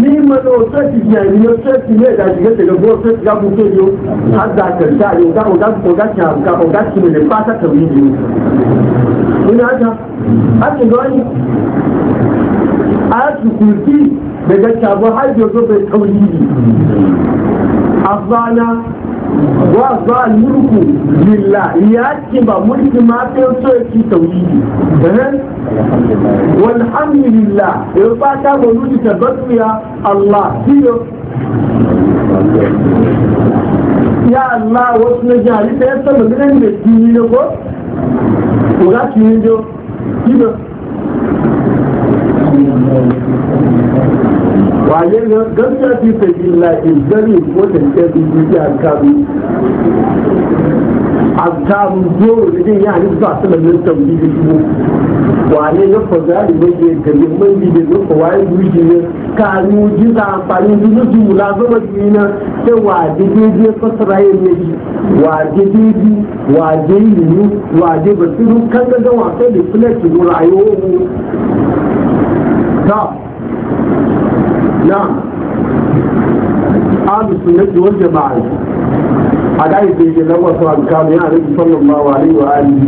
ni mana otu ti jẹ ni o ti lè dájú gẹ́gẹ́ gbogbo otu ti gábùn tó yóò hadda karsha yau ga oga oga ki hamka oga ki mai fata ta yi biyu mun haka haka gani a su kurti daga shabu har yau zo bai tauhidi afana wa za mulku lillah ya ce ba mulki ma sai so ta ci tauhidi walhamdulillah ya fata ba mulki Allah ya Allah wasu na jari ta ya sama ne da kini ko ko za ki yi jo kino wajen gaskiya fi sai billahi gani ko da ke bi ya kabi azkarun doro da zai yi a nufi a sanar da tauri da shigo ne ya faga da mai da gari mai da zai kowa ya guji ne kanu a amfani da zai jula zama jini na sai wa daidai zai fasara yin ne shi wa daidai wa daidai wa daidai basiru kan gaza wasan da filaci rayuwa ta na abu sunnati wal jama'a حدائي بيجي لما صلى الله عليه وآله وصلى الله آه، عليه وآله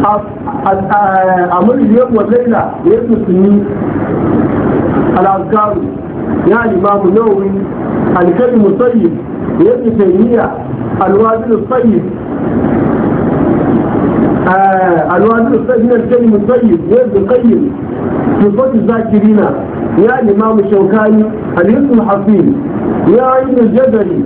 وصلى أمر اليوم والليلة يسمى سنين الأذكار يعني ما بنوي الكلم الطيب يسمى سنية الوازل الطيب آه، الوازل الطيب من الكلم الطيب يسمى القيم في صوت الذاكرين يعني ما مشوكاني حديث حصيل يا عين الجبلي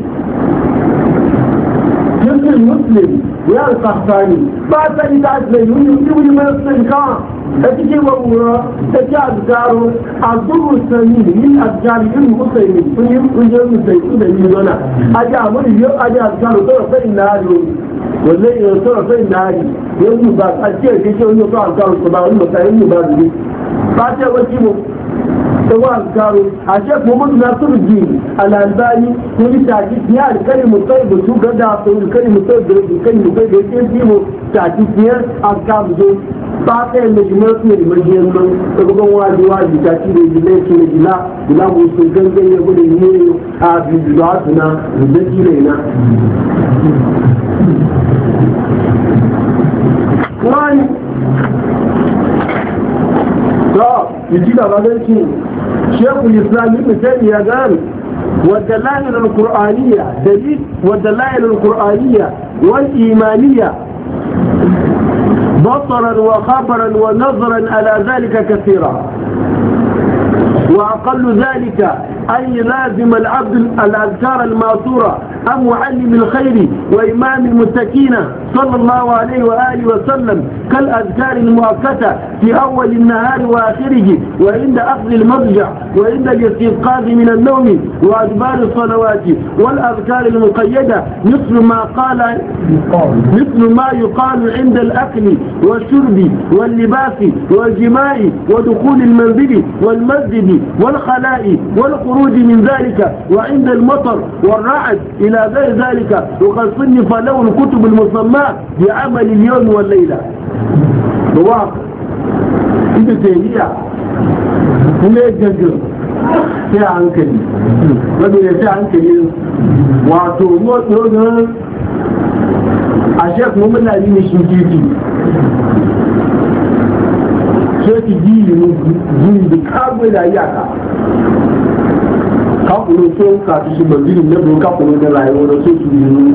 جبل المسلم يا القحطاني بعد أن تعزلوا يجيبوا لما يصل كان تجي وورا أتجي أذكاره أذكر السمين من أذكار المسلمين فيهم فيهم مسلمين دليلنا أجي أمر يو أجي أذكاره ترى فإن هذا والذي ترى فإن هذا يوم بعد أشياء أتجي يوم بعد أذكاره سبحان الله سبحان الله بعد ذلك بعد يوم سواء كانوا عجب ممد ناصر الدين الألباني كل تعجيز نيا الكلم الطيب شو قد أعطوه الكلم الطيب الكلم الطيب كيف فيه تعجيز نيا أركاب زوج باقي المجموعات من من تقولون واجي واجي تعجيز الجلاء كل الجلاء بلا مسلم جاي يقول ينير أبي جواتنا نجي لنا Right. ìdí bàbá lẹ́kìn شيخ الإسلام ابن تيمية قال والدلائل القرآنية دليل والدلائل القرآنية والإيمانية بصرا وخبرا ونظرا على ذلك كثيرا وأقل ذلك أن يلازم العبد الأذكار الماثورة أم معلم الخير وإمام المتكين صلى الله عليه وآله وسلم كالأذكار المؤقتة في أول النهار وآخره وعند أخذ المضجع وعند الاستيقاظ من النوم وأدبار الصلوات والأذكار المقيدة مثل ما قال مثل ما يقال عند الأكل والشرب واللباس والجماع ودخول المنزل والمسجد والخلاء والخروج من ذلك وعند المطر والرعد إلى غير ذلك وقد صنف له الكتب المصماء بعمل اليوم والليلة بواقع إذا تهيئة هم يجنجر ساعة كبيرة ربنا ساعة كبيرة وعطوه يوم عشاك مهم اللي عليني شمكيتي شاك جيلي جيلي بكابل عياكا kakuru tó ń kàtí ṣùgbọ́n bí lẹ́bùrú kakuru ní ràìwọ̀ lọ tó ti yìí ní.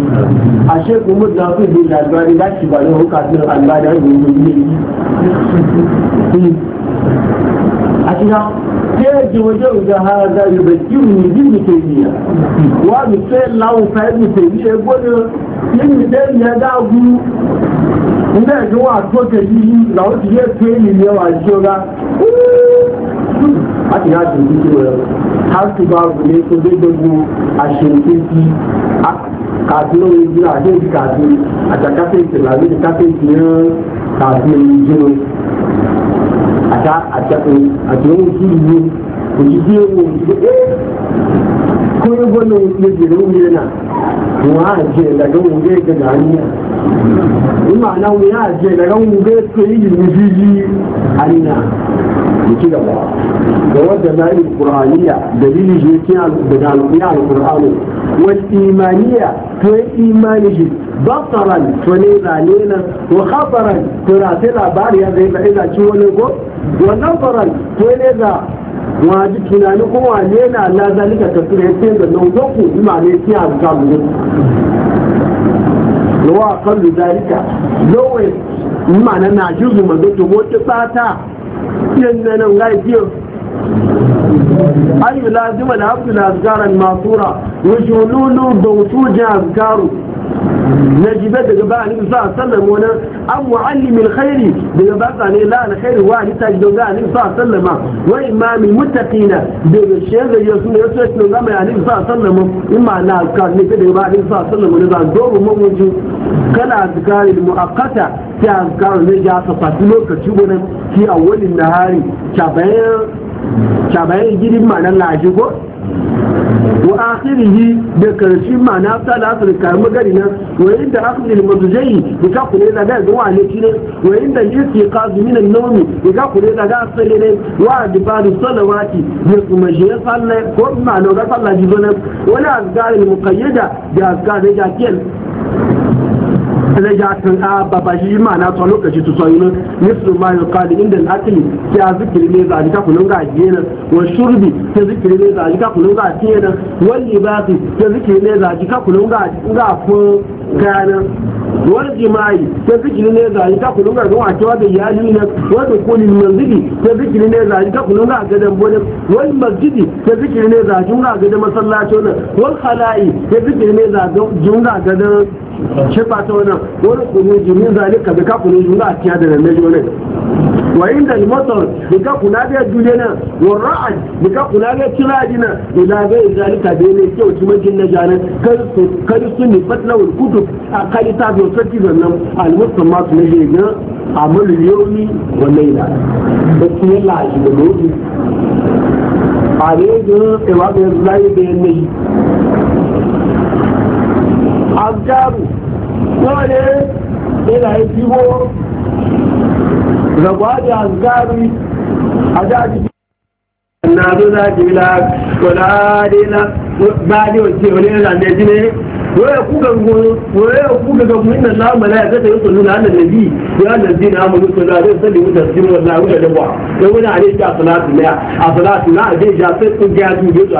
àṣẹ́gun mú dáa fún ìgbésẹ̀ àgbáyé láti wà lọ́wọ́ kàtí àgbáyé àwọn ìwé ilé yìí. àṣìyá tí ẹ jẹ wọjọ ìjà ha ga ìbẹ̀ tí ò ní bí nìkè nìyà wà mí fẹ́ láwọn fẹ́ nìkè ní egbóni nínú ilé yẹn dáàbù nígbà tí wọ́n àtúntò yìí làwọn ti yẹ pé ènìyàn wà jọra àti láti ìdíje rẹ̀ láti bá wùlé tó dé gbogbo àṣeyìkéjì kàdé ojú àdéhùn kàdé àtàkàtà ìṣẹ̀lẹ̀ àdéhùn kàdé ìṣẹ̀lẹ̀ kàdé ìṣẹ̀lẹ̀ àtà àtẹ̀kùn àtẹ̀wọ̀n sí ìlú òjijì ewu òjijì ee kóyó gbọ́dọ̀ lójijì lóye náà wọ́n á jẹ ìdàgbà wọn gbé gẹ̀gà níyà ìmọ̀ àná wọn á jẹ ìdàgbà wọn gbé tó yìí lójijì àníyàn. ya ci gaba da wadda la'il qur'aniya dalili je ki daga al-qur'an al-qur'an wal imaniya to imani ji basaran to ne zalena wa khabaran to rate labari ya zai da ci wani ko wa nazaran to ne da waji tunani kuma wane na la zalika tafsir da nan ku imani ki al-kamu lawa kallu zalika lowest ma'ana na juzu to yadda nan ga an yi lazima da azgaran masura wa نجيب دغ با عليه الصلاه والسلام وانا ام معلم الخير دغ با قال لا الخير واحد تجدون عليه الصلاه والسلام وامام المتقين دغ شيء زي يسون يسون ما عليه الصلاه والسلام اما لا كان ني دغ با عليه الصلاه والسلام دغ دوب موجو كلا اذكار المؤقته في اذكار نجا تفاتلو كتبنا في اول النهار شابين شابين جيري ما نلاجي wa akhirihi da karshe ma na ta la asr kai magari na wa inda akhdhi al mazjayi da ka kule da ga zuwa ne kire wa inda istiqaz min an nawm da ka kule da ga asali ne wa dibar salawati da kuma je sallai ko ma no ga sallaji bana wala azkar al muqayyada da azkar da kiyal tilaja tun a ah, baba shi ma na tsawon lokaci tu tsawon nan mislu ma yau kali inda al'akili ya zikiri ne za a jika kunun ga ajiye nan wa shurbi ya zikiri ne za a jika kunun ga ajiye nan wani libasi ya zikiri ne za a jika kunun ga a fun kayanan wal jima'i ta zikiri ne zai ta kullun ga zuwa cewa da iyali ne wa da min manzili ta zikiri ne zai ta kullun ga gadan bodin wal masjidi ta zikiri ne zai jun ga gadan masallaci wannan wal khala'i ta zikiri ne zai jun ga gadan dan shifa ta wannan wal kunuji min zalika da ka kullun ga tiya da nan ne wa inda al-masar bi ka kula da wa ra'ad bi ka kula da tiraji na ila ga zalika da ne ke wuce majin na jana kar su kar su ni batla wal kutub a kalita da sarki zannan al-masar ma su ne ga amul yawmi wa layla da su ne la da lobi a ne ga ewa da zai da ne abjaru wa zagwa da azgari a daji na zo za ki la kola de la ba de o ti o le la ne jine wo ya ku ga go wo ya ku ga go inna la malaika ta yusallu ala nabi ya allazina amanu sallu alaihi wa sallimu taslima wallahu la dawa to wani alaihi salatu la a salatu sai ku ga du je to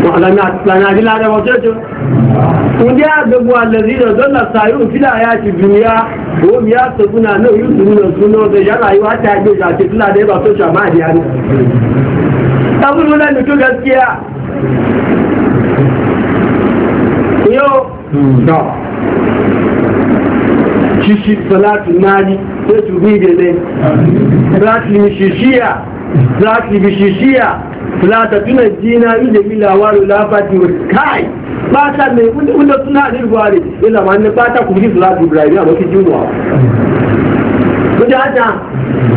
lànàdí ládẹ́ wọn jẹ́jọ́ ǹdí àgbẹ̀gbọ́ alẹ́rí rẹ̀ dọ́là sàárù fílà yá ti dùn yá òun yá sọ̀tún náà yóò dùn náà sún náà bẹ̀ yálà yóò àti àgbẹ̀ àti fílà dẹ́ tó ṣàmà àdìyà ni. tábùlù lẹ́nu tó gaskiya salatu salatu salatu fulata tuna jina yi da milawar lafati wa kai ba ta mai wanda suna da ruwa ne ya zama ne ba ta kuma ji fulata ibrahim a mafi jinuwa jaja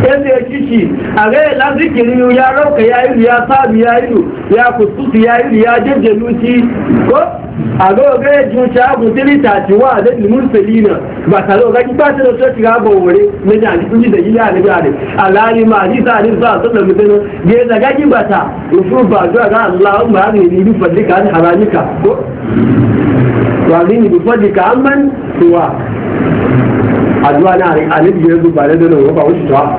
yanzu ya kishi a gaya la zikiri ya rauka ya ilu ya sabu ya ilu ya kusutu ya ilu ya jajjaluci ko a gaya gaya jinta abu tilita ci wa da ilmun salina ba tare ga ki ba ta da ta shiga gowore na da ji kunji da ila da gare alali ma ji sa ni sa sun da mutane ge da ga ki ba ta rufu ba zuwa ga Allahumma hadhihi ni bi fadlika an haramika ko wa ni bi fadlika amman huwa àdúrà náà rẹ̀ àlébìyẹ ló balẹ̀ lọ́nà òun bá oṣù tó a.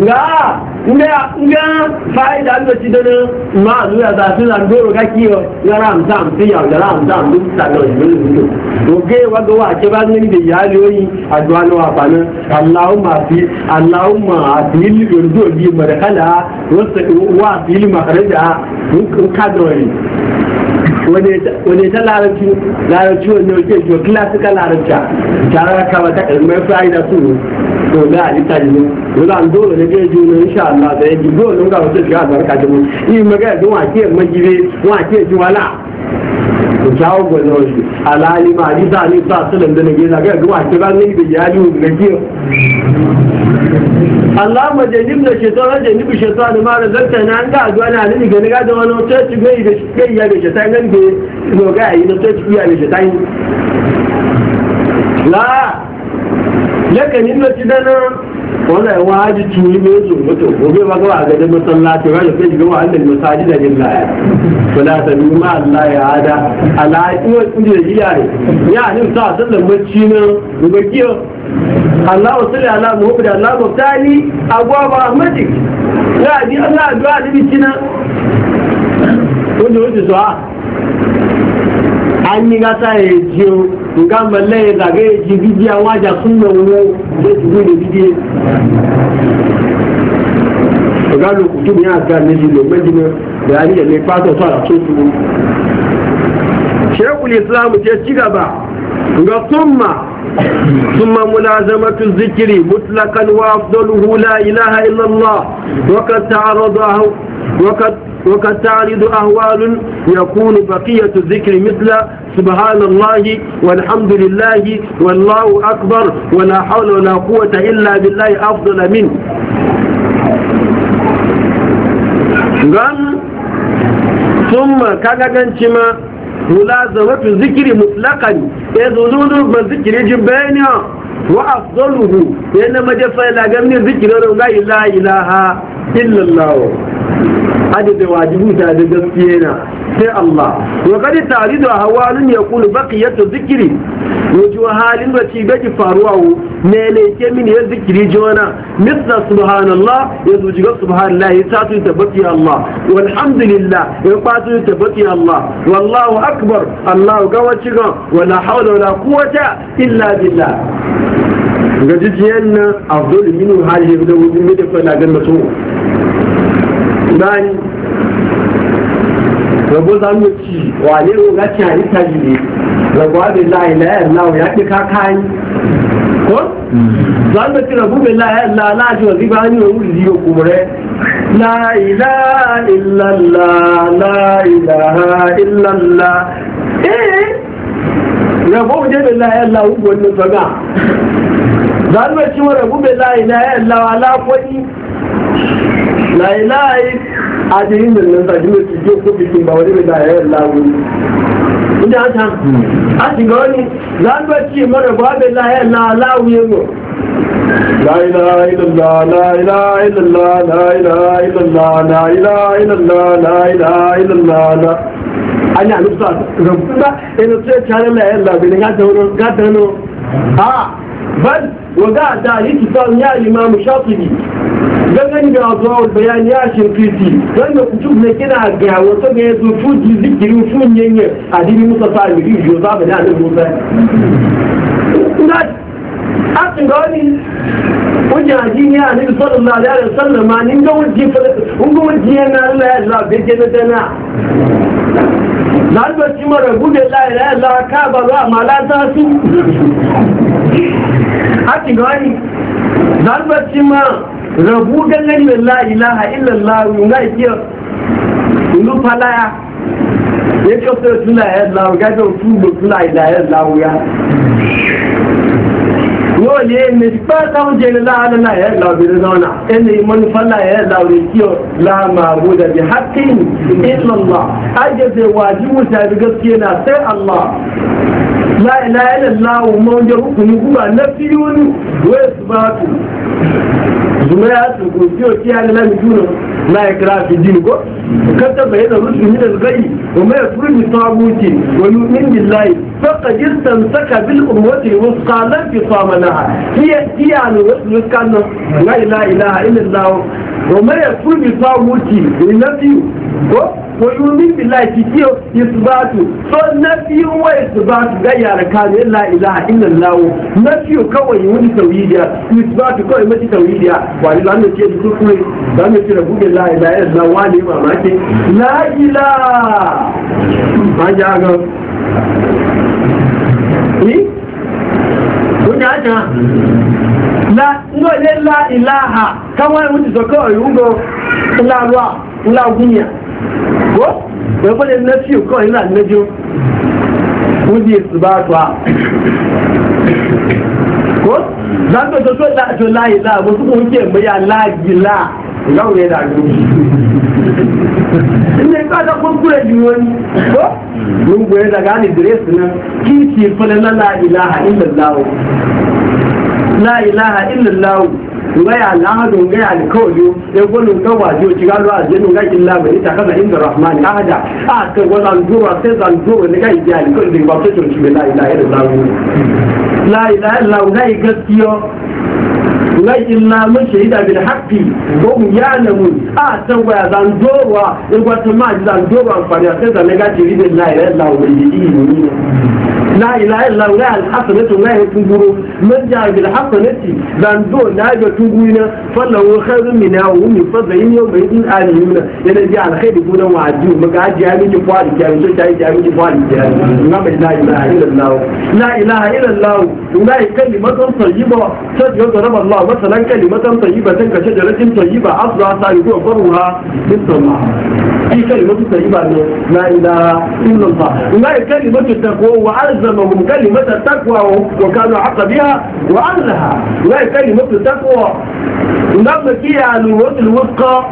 nga nga nga fa'ida da ci dana ma zuwa da su zan doro ka kiyo ya ram sam ti ya ya ram sam duk ta no yi ne to ge wa ga wa ke ba ngani da yaliyoyi addu'a no afana allahumma fi allahumma atil yurdu bi madkhala wa wa fil makhraja kun kadroni wane ta larabci larabci wanda yake kilasi ka larabci tare da kama ta kalmar fa'ida su to ga alita ne wanda an dole ne zai juna insha Allah da yake dole ga wata shiga barka da mu yi magana don wake magibe wake jiwala ku jawo gwada wasu alali ma hadisa ne sa sallan da nake zaga ga wake ba ne da yali ne ke Allah ma janib na shaitan har janibu shaitan da mara zarta na an ga aduwa na nini gani gada wani wata ci gai da gai ya ga shaitan gan da no ga yi na ta ci ya ga shaitan la ya laka ni na ci na wannan wa haji tuni me zo mutu gobe ba ga ga da masallaci ba da kai ga wa Allah masajida lillahi wala ta bi ma Allah ya hada ala iwa inda ya ne ya ne sa sallan bacci nan gobe kiyo Allahu salli ala Muhammad Allahu tani agwaba Ahmadi la di Allah dua di bitina ojo ojo an yi gasa gata eji o nga mele da ga eji bidi awon aja sunna wo de ti ni bidi oga lo kutu ni aga ni lo medina da ani le pastor so ara so tu Shekul Islam ce ci gaba ثم ثم ملازمة الذكر مطلقا وأفضله لا إله إلا الله وقد Allah وقد وقد تعرض أهوال يكون بقية الذكر مثل سبحان الله والحمد لله والله أكبر ولا حول ولا قوة إلا بالله أفضل منه ثم كذا كان ملازمة الذكر مطلقا يزولون بذكر جبانيا وأفضله لأنما جفا إلى قمني ذكر لا إله إله إلا الله هذا واجب هذا سينا سي الله وقد تعرض أهوال يقول بقية ذكري wajen halin da ci gaji faruwa wu ne ne ke mini ya zikiri jona Mista subhanallah ya zuji ga subhanallah ya tatu tabbati Allah walhamdulillah ya kwatu tabbati Allah wallahu akbar Allah ga wacce ga wala hawla wala quwwata illa billah ga jijiyan nan afdol minu halin da wajen mai da fada ga maso bani rabo zamu ci wale ga ci hadita ne rabuwa bin la ilaha illallah ya ki ka kai ko zan da kira gubin la ilaha illallah la ji wazi ba ni wuri diyo kumure la ilaha illa la ilaha illallah eh rabo je bin la ilaha illallah wannan faga zan da kira gubin la ilaha illallah la yi la ilaha adirin da nan da jini su je ko bikin ba wani bin la ilaha illallah inda aka a shiga wani lalbaci mara babin lahiyar na lawuyin mu لا إله إلا الله لا إله إلا الله لا إله إلا الله لا إله إلا الله لا إله إلا الله أنا أنا أنا أنا أنا أنا أنا أنا أنا أنا أنا أنا أنا أنا بل وقع تعليق يا الإمام الشاطبي gangan da zuwa bayan ya shirkiti wanda kutub na kina ga wata ga ya zo fuji zikiri fun yanye adini musa sa mi ri yo za ba da nan musa na a tun ga wani wajen ajini a nabi sallallahu alaihi wasallam ma ni na da dana lálùbẹ̀ tí mọ̀ rẹ̀ gúdẹ̀ láìrẹ́ lọ káàbàrọ̀ àmàlátásí àti gani lálùbẹ̀ tí mọ̀ rẹ̀ gúdẹ̀ lẹ́yìn láìláha ìlàláwì ń gáìkíọ̀ ìlú palaya ya kọfẹ́ òtúlà ẹ̀ láwù gájọ́ òtúlò òtúlà ìlà ẹ̀ láwù ya yóò lè mẹ́sìpá táwọn jẹ́rẹ̀ láàrín láyé lábìrin náà ẹni ìmọ̀nifá láyé láwù kí ọ láàmà àbúdàbí hákìn ìlọ́lá aje sai wajibu ta bi gaskiya na sai Allah la ilaha illallah ma wanda hukumi kuma na fiyuni wai su ba su zuma ya su ko ciyo kiya da lami tuna la ya kira fi jini ko kanta bai da rusu min al-ghayb wa ma yafruju tabuti wa yu'min billahi faqad istamsaka bil umwati wusqa la fi samanaha hiya hiya ni rusul kan la ilaha illallah wa ma yafruju tabuti wa nafiyu ko wa yumin billahi ki kiyo isbatu so na biyu wa isbatu ga yara kan la ilaha illallah na biyu kawai wani tauhidiya isbatu kawai mace tauhidiya wa ni lamu ce duk kuma da mu ce buge billahi la ilaha illallah wa ni mamaki la ilaha ma ja ga ni kunya ta la ngo le la ilaha kawai wani zakoi ungo la ruwa la gunya ko da kuma na fiye kawai yana na biyu wuje ba su a ko za ka to da to layi la la gila laure da gudu ne ka da kurkure jiwon ko mun goye da gani dress nan kici fa la la ngaya lahadu ngaya alkawli ya gwanu kawaji o ciga ruwa jenu ga illa bai ta kaza inda rahman ahada a ah, kan wannan duwa sai zan duwa ne da iya alkawli ba ta tun cibe la ilaha illallah la ilaha illallah ga gaskiyo la ina mun shahida bil mu wa hum ya'lamun a ah, san waya zan duwa ah, gwata ma zan duwa amfani sai zan ga jiri la ilaha illallah wai yi ne لا إله إلا الله الحسنة لا يتجروا من جاء بالحق نتي بان دو لا يتجرون فالله خير منا وهم يفضلين يوم يومئذ آلهون يعني جاء الخير يكون وعدوه ما جاء من جفوال جاء من جاء جاء من جفوال جاء لا إله إلا الله لا إله إلا الله أولئك كلمة طيبة ضرب الله مثلا كلمة طيبة تنك شجرة طيبة أصلها سالكها فرها من سماء هي كلمة طيبة لا إله إلا الله أولئك كلمة تقوى وعلى من كلمة التقوى وكان حق بها وأهلها وهي كلمة التقوى ولما نعم، فيها الوقت الوثقى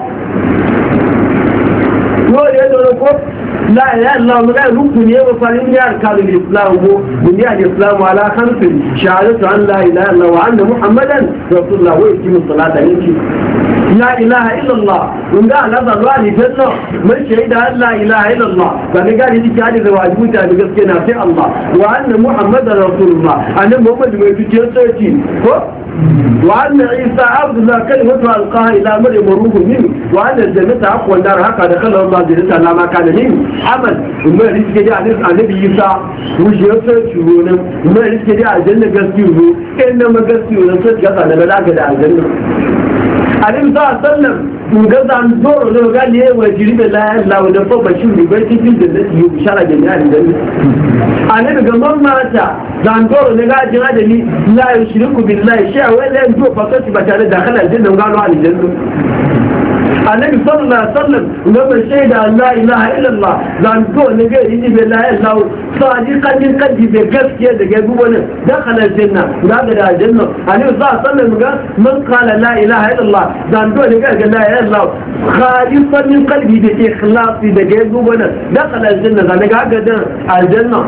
wọ́n yẹ́ lọ́rọ̀ la ilaha illallah mun ga rukun ne ba fa ni yar kalu islam go mun ya ilaha illallah wa anna muhammadan rasulullah wa yuqim as-salata yuqim la ilaha illallah ga la ba wa ni an la ilaha illallah ga ni ga ni da gaske na sai allah wa anna muhammadan rasulullah anan muhammad mai fitiyar tsaci ko وأن عيسى عبدنا كلمة ألقاها إلى مريم وروح منه وأن الجنة أقوى النار هكذا دخلها الله جنة لا ما كان منه عمل وما رزق جاء النبي عيسى وجهة تشوفونه وما رزق جاء الجنة قصيره إنما قصيره صدق هذا لا قد الجنة alim sa sallam ga zan doro da ga ne wa da la la wa da fa shi ne bai cikin da zai yi bishara da ya da ni alim ga mamata zan doro ne ga jira da ni la yushriku billahi shay'a wa la yufaqqatu ba tare da khala aljanna ga lo aljanna أنك صلى صلى لما شهد أن لا إله إلا الله لأن كل نجاري ان لا إله صادقا من قلبي بكف كيد جابوه دخل الجنة لا بد الجنة أنا صلى صلى لما من قال لا إله إلا الله لأن كل ان لا إله إلا الله خالصا من قلبي بإخلاص بجابوه دخل الجنة أنا قاعد الجنة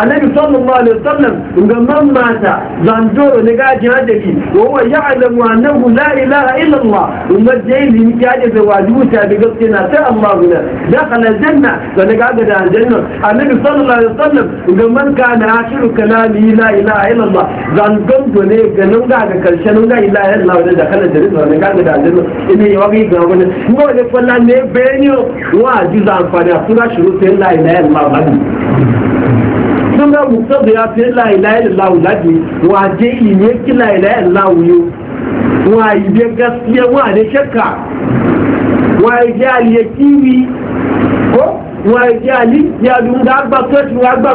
annabi sallallahu alaihi wasallam ga man mata zandoro ne ga jin hadari wa huwa ya'lamu annahu la ilaha illa Allah umma jaili ni ga da wajibu ta da gaske na sai Allah ne da kana janna da ne ga da aljanna annabi sallallahu alaihi wasallam ga man kana ashiru kalami la ilaha illa Allah zandoro ne ga nan ga ga karshen la ilaha illa Allah da kana da rizwa ne ga da aljanna ina yawa ga ga wannan ko ne kwalla ne benyo wa ji za amfani a tura shiru sai la ilaha illa Allah tó náà mú sọ́dọ̀ ya fi láìláìláwò láti wọ́n á jẹ́ ìyẹ́ kí láìláìláwò yóò wọ́n á ìyẹ́ gaskiya wọ́n á lè ṣẹ́kà wọ́n á jẹ́ àlẹ́ kíwi wọ́n á jẹ́ àlẹ́ ìyàdùn gbàgbà tó ti wọ́n á gbà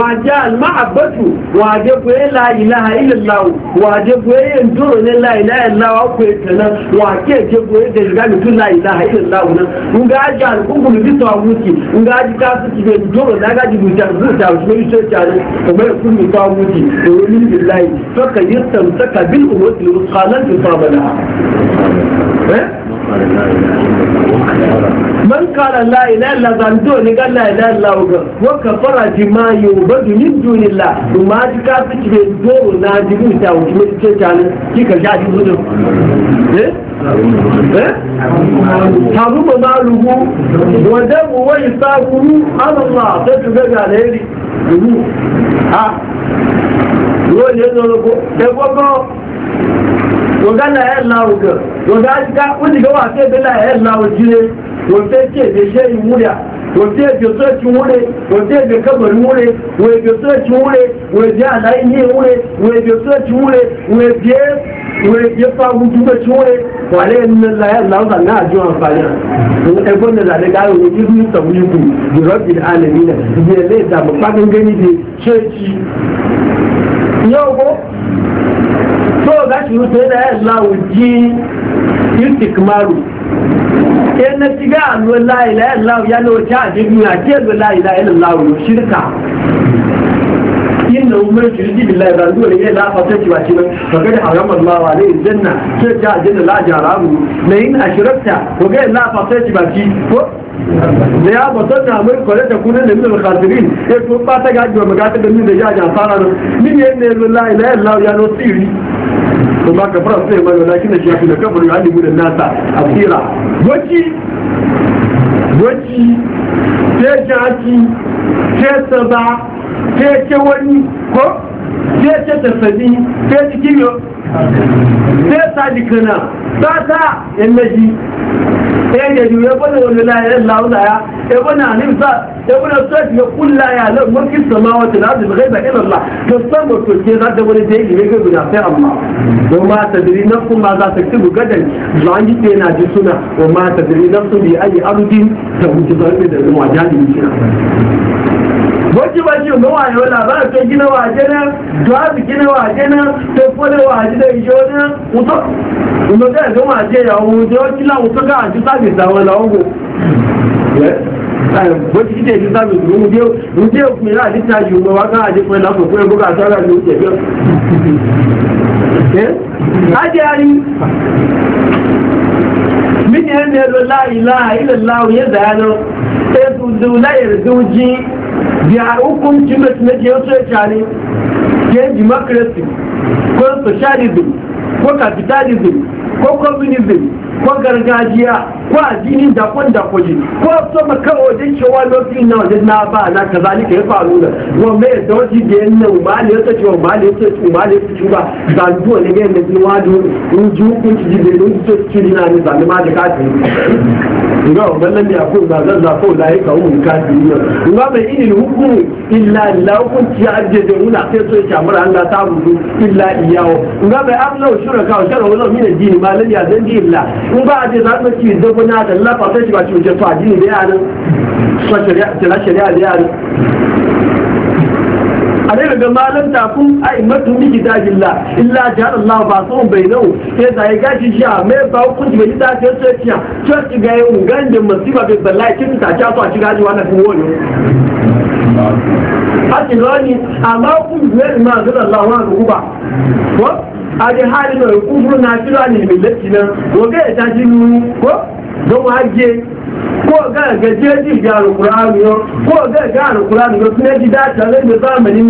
waje al-ma'abbatu waje kwaye la ilaha illallah waje kwaye ndoro ne la ilaha illallah ko tana waje je kwaye da mutu la ilaha illallah nan mun ga ji al bi tawuti mun ga ji ka ki da ndoro da ga ji buta buta ko yi sai tare ko mai kun bi tawuti to ni billahi to ka yi tamsaka bil ummatil musqalan fi sabala eh من قال لا إله إلا زندو نقال لا إله إلا هو وكفر جما يوبد من دون الله وما جكاف تبدو ناجبو تاو جمد تشان كيك جاجي بدو حرم ماله ودم ويساقه على الله تتبقى عليه ها لو يزنو لكو تبقى wọ̀gá láyé láwọ̀ gẹ̀ wọ̀gá ká ó ti gbọ́wà sí ẹgbẹ́ láyé láwọ̀ jíre wọ̀tẹ́ tí èdè ṣe ìwúrẹ̀ wọ̀tẹ́ èdè tó ti wúrẹ̀ wọ̀tẹ́ èdè kẹbọ̀lú wúrẹ̀ wọ̀n èdè tó ti wúrẹ̀ wọ̀n èdè àlàyé ní wúrẹ̀ wọ̀n èdè tó ti wúrẹ̀ wọ̀n èdè wọ̀n èdè fagun tó tó ti wúrẹ̀ wà lẹ́yìn ní láyé ne náà àjọ àǹfààní ẹgbọ́n ní làdé gáàrò ní kí ní sọ̀rọ̀ yìí kù ìrọ́bì alẹ́ nílẹ̀ ìdíyẹlé ìdàgbàpá gẹ́gẹ́ níbi ṣé é so za ki yi sai da ya lawo ji istikmaru in na shiga allo la ilaha illallah ya lawo ta ajin ya ke zo la ilaha illallah shirka na umar shirki billahi ba zuwa ne la fata ci ba ci ba kaga da haram Allah wa alai janna ce ta janna la jarabu na in ashrakta kaga la fata ci ba ci ko da ya bata ta mai kore ta kunan da min khasirin sai ko ba ta ga jiwa maga ta da min da ya ja fara min ne la ilaha illallah ya no sirri to ba ka fara sai mai wala kina shafi da kafaru ya alimu da nasa asira waci waci sai jaki sai saba sai ke wani ko sai ce tasabi sai jikin sai sa jikana ta ta yan naji ẹ̀yẹ̀ ju ẹgbọ́n olùlá ẹ̀ láwùlá ya ẹgbọ́n náà ní sá ẹgbọ́n náà tó ẹ̀sìn kúlá ya lọ mọ́ kí sọ̀mọ́ àwọn tẹ̀lé àti bẹ̀rẹ̀ bẹ̀rẹ̀ lọ́la tó sọ́mọ̀ tó ṣe láti wọlé dé ìwé ta gbèdà fẹ́ àmà o máa tẹ̀sìrì náà fún máa láti tìbù gẹ́dẹ̀ láyé tẹ̀ náà di súnà o máa tẹ̀sìrì náà fún bí ayé arúgbí tẹ̀wù ti bá gina bá jí òmó wà yóò làbá tó gíná wà jẹ́ náà dùáàbì gíná wà jẹ́ náà tó fọ́lẹ̀ wà jílẹ̀ ìṣó náà wùtọ́ ìlọ́dẹ̀ tó wà jẹ́ ìyàwó ní ó jí láwọn tó ká àti sáàbì ìsàwọn làwọ́gbò bójú jíjẹ́ ìṣú sáàbì ìlú dé òkú ilá àti tí a jù mọ́ wá ká àti fún ẹlọ́pọ̀ fún ẹgbẹ́ àtàrà ní oúnjẹ bí Mini ẹni ẹlò láìláà ilẹ̀ láàrin yẹ́ dáadọ́, ẹ̀kùn dùn láyẹ̀rẹ̀ tó jí biya hukunci mai na jiyar soja ne ke democracy ko socialism ko capitalism ko communism ko gargajiya ko addini da kun da kuji ko so ma kawo din cewa lokacin na wajen na ba na kaza ni kai faru da wa me da wace da yin nan ba ne ta ce ba ne ta ce ba ne ta ce ba da duwa ne ga nan wa do in ji ku ji da don ta ce na ni ba ni ma da ka ce ga ya ba zan za lai ka mun ka ji ne ga hukumu illa kun ci ajje da sai so ya mura Allah ta illa ga shuraka wa shara wala min ma in ba a ce za su ci na da lafa sai shi ba ci wajen faji ne da yaran ne shari'a shari'a da yaran a daga ga malam takun a imatu miki dajilla illa jihar Allah ba son bai nau sai da ya gashi shi a mai ba hukunci bai ta ce sai ciya sai ci ga yin masu ba bai balla ya ta ta so a ci gaji wannan kuma wani hakin rani ma kun zai ma zira Allah wa ruba ko adi hali na bụrụ na tiro ani ibe leti na oge etaji nu ko don wa je ko ga ga je ji ga alquran yo ko ga ga alquran yo tun ji da tare da zamanin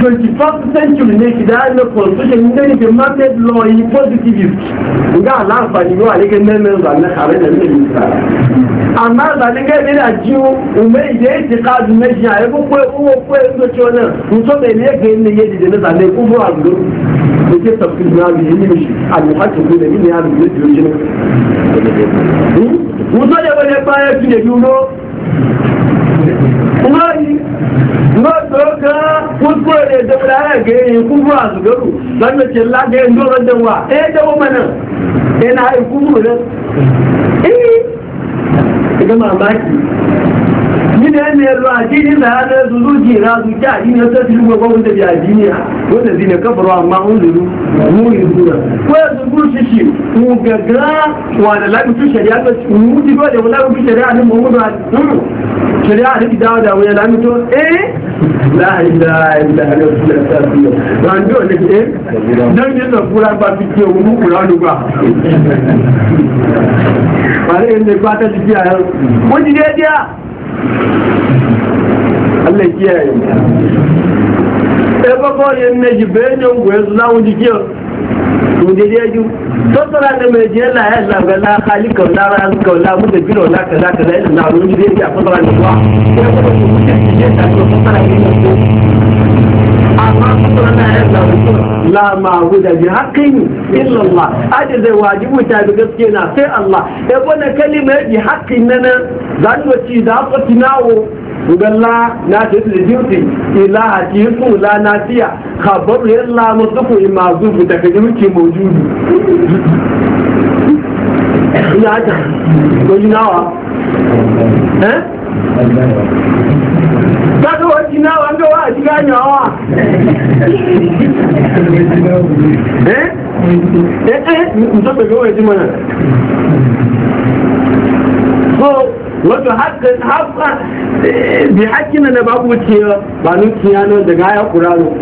21st century ne ki da na constitution ne ne ke market law yi positivist ga alafani yau alikan nan nan zan na kare ne ne yi amma ne ga ne da jiwo umai da ya ti kazu na ne a yabo kwe uwo kwe ndo ci wannan mutum ne ne ga yin ne yadda ne na zan ne kuma a gudu ne ke tafsir na bi yin shi alhaji ko ne yin ya bi ne jiwo ne mutum ne wani baya su ne duro kuma gbọ́sọ̀ọ́ká kúrò da dabara ga yin e e kubu a zugaru zan da ce laga yin doron danwa eh dawo mana eh na hain kubu ne eh ita mamaki ni da yanzu yanzu a cikin da ya zai su zuci na su ci a ya sassi ruwa ba wanda biya jiniya wanda zai ne kafarwa amma un zuru mu yi zura ko ya zuru shi shi mu gaggara wa da lafi shari'a ta mu ji dole wa lafi shari'a ne mu mutu a shari'a a duk dawo da wani lamito eh la ila ila ala ta biyo ran do ne eh dan yin da kula ba fi ke mu kula do ba bare ne ba ta ji ya mun ji dai dia Allah kiyaye mu ba ko yin ne ji bayan gwe zuwa mu ji kiyo daidai ju tattara da mai jiyar na ya zaga na hali kau na ran na mu biro na ya ya je ta la ma bi zai wajibu ta bi gaske na sai Allah ya bana kalima bi haqqin nan da ku ngalla na ta yi jinsi ila a kisu la nasiya khabaru yalla musuku imazu bi takdimuki mawjudu ina ta goyi nawa eh? wani nawa ga wa eh eh eh mutum ga wani wato haka eh, bi hakina na babu wuciya ba nukiya nan daga ya kurano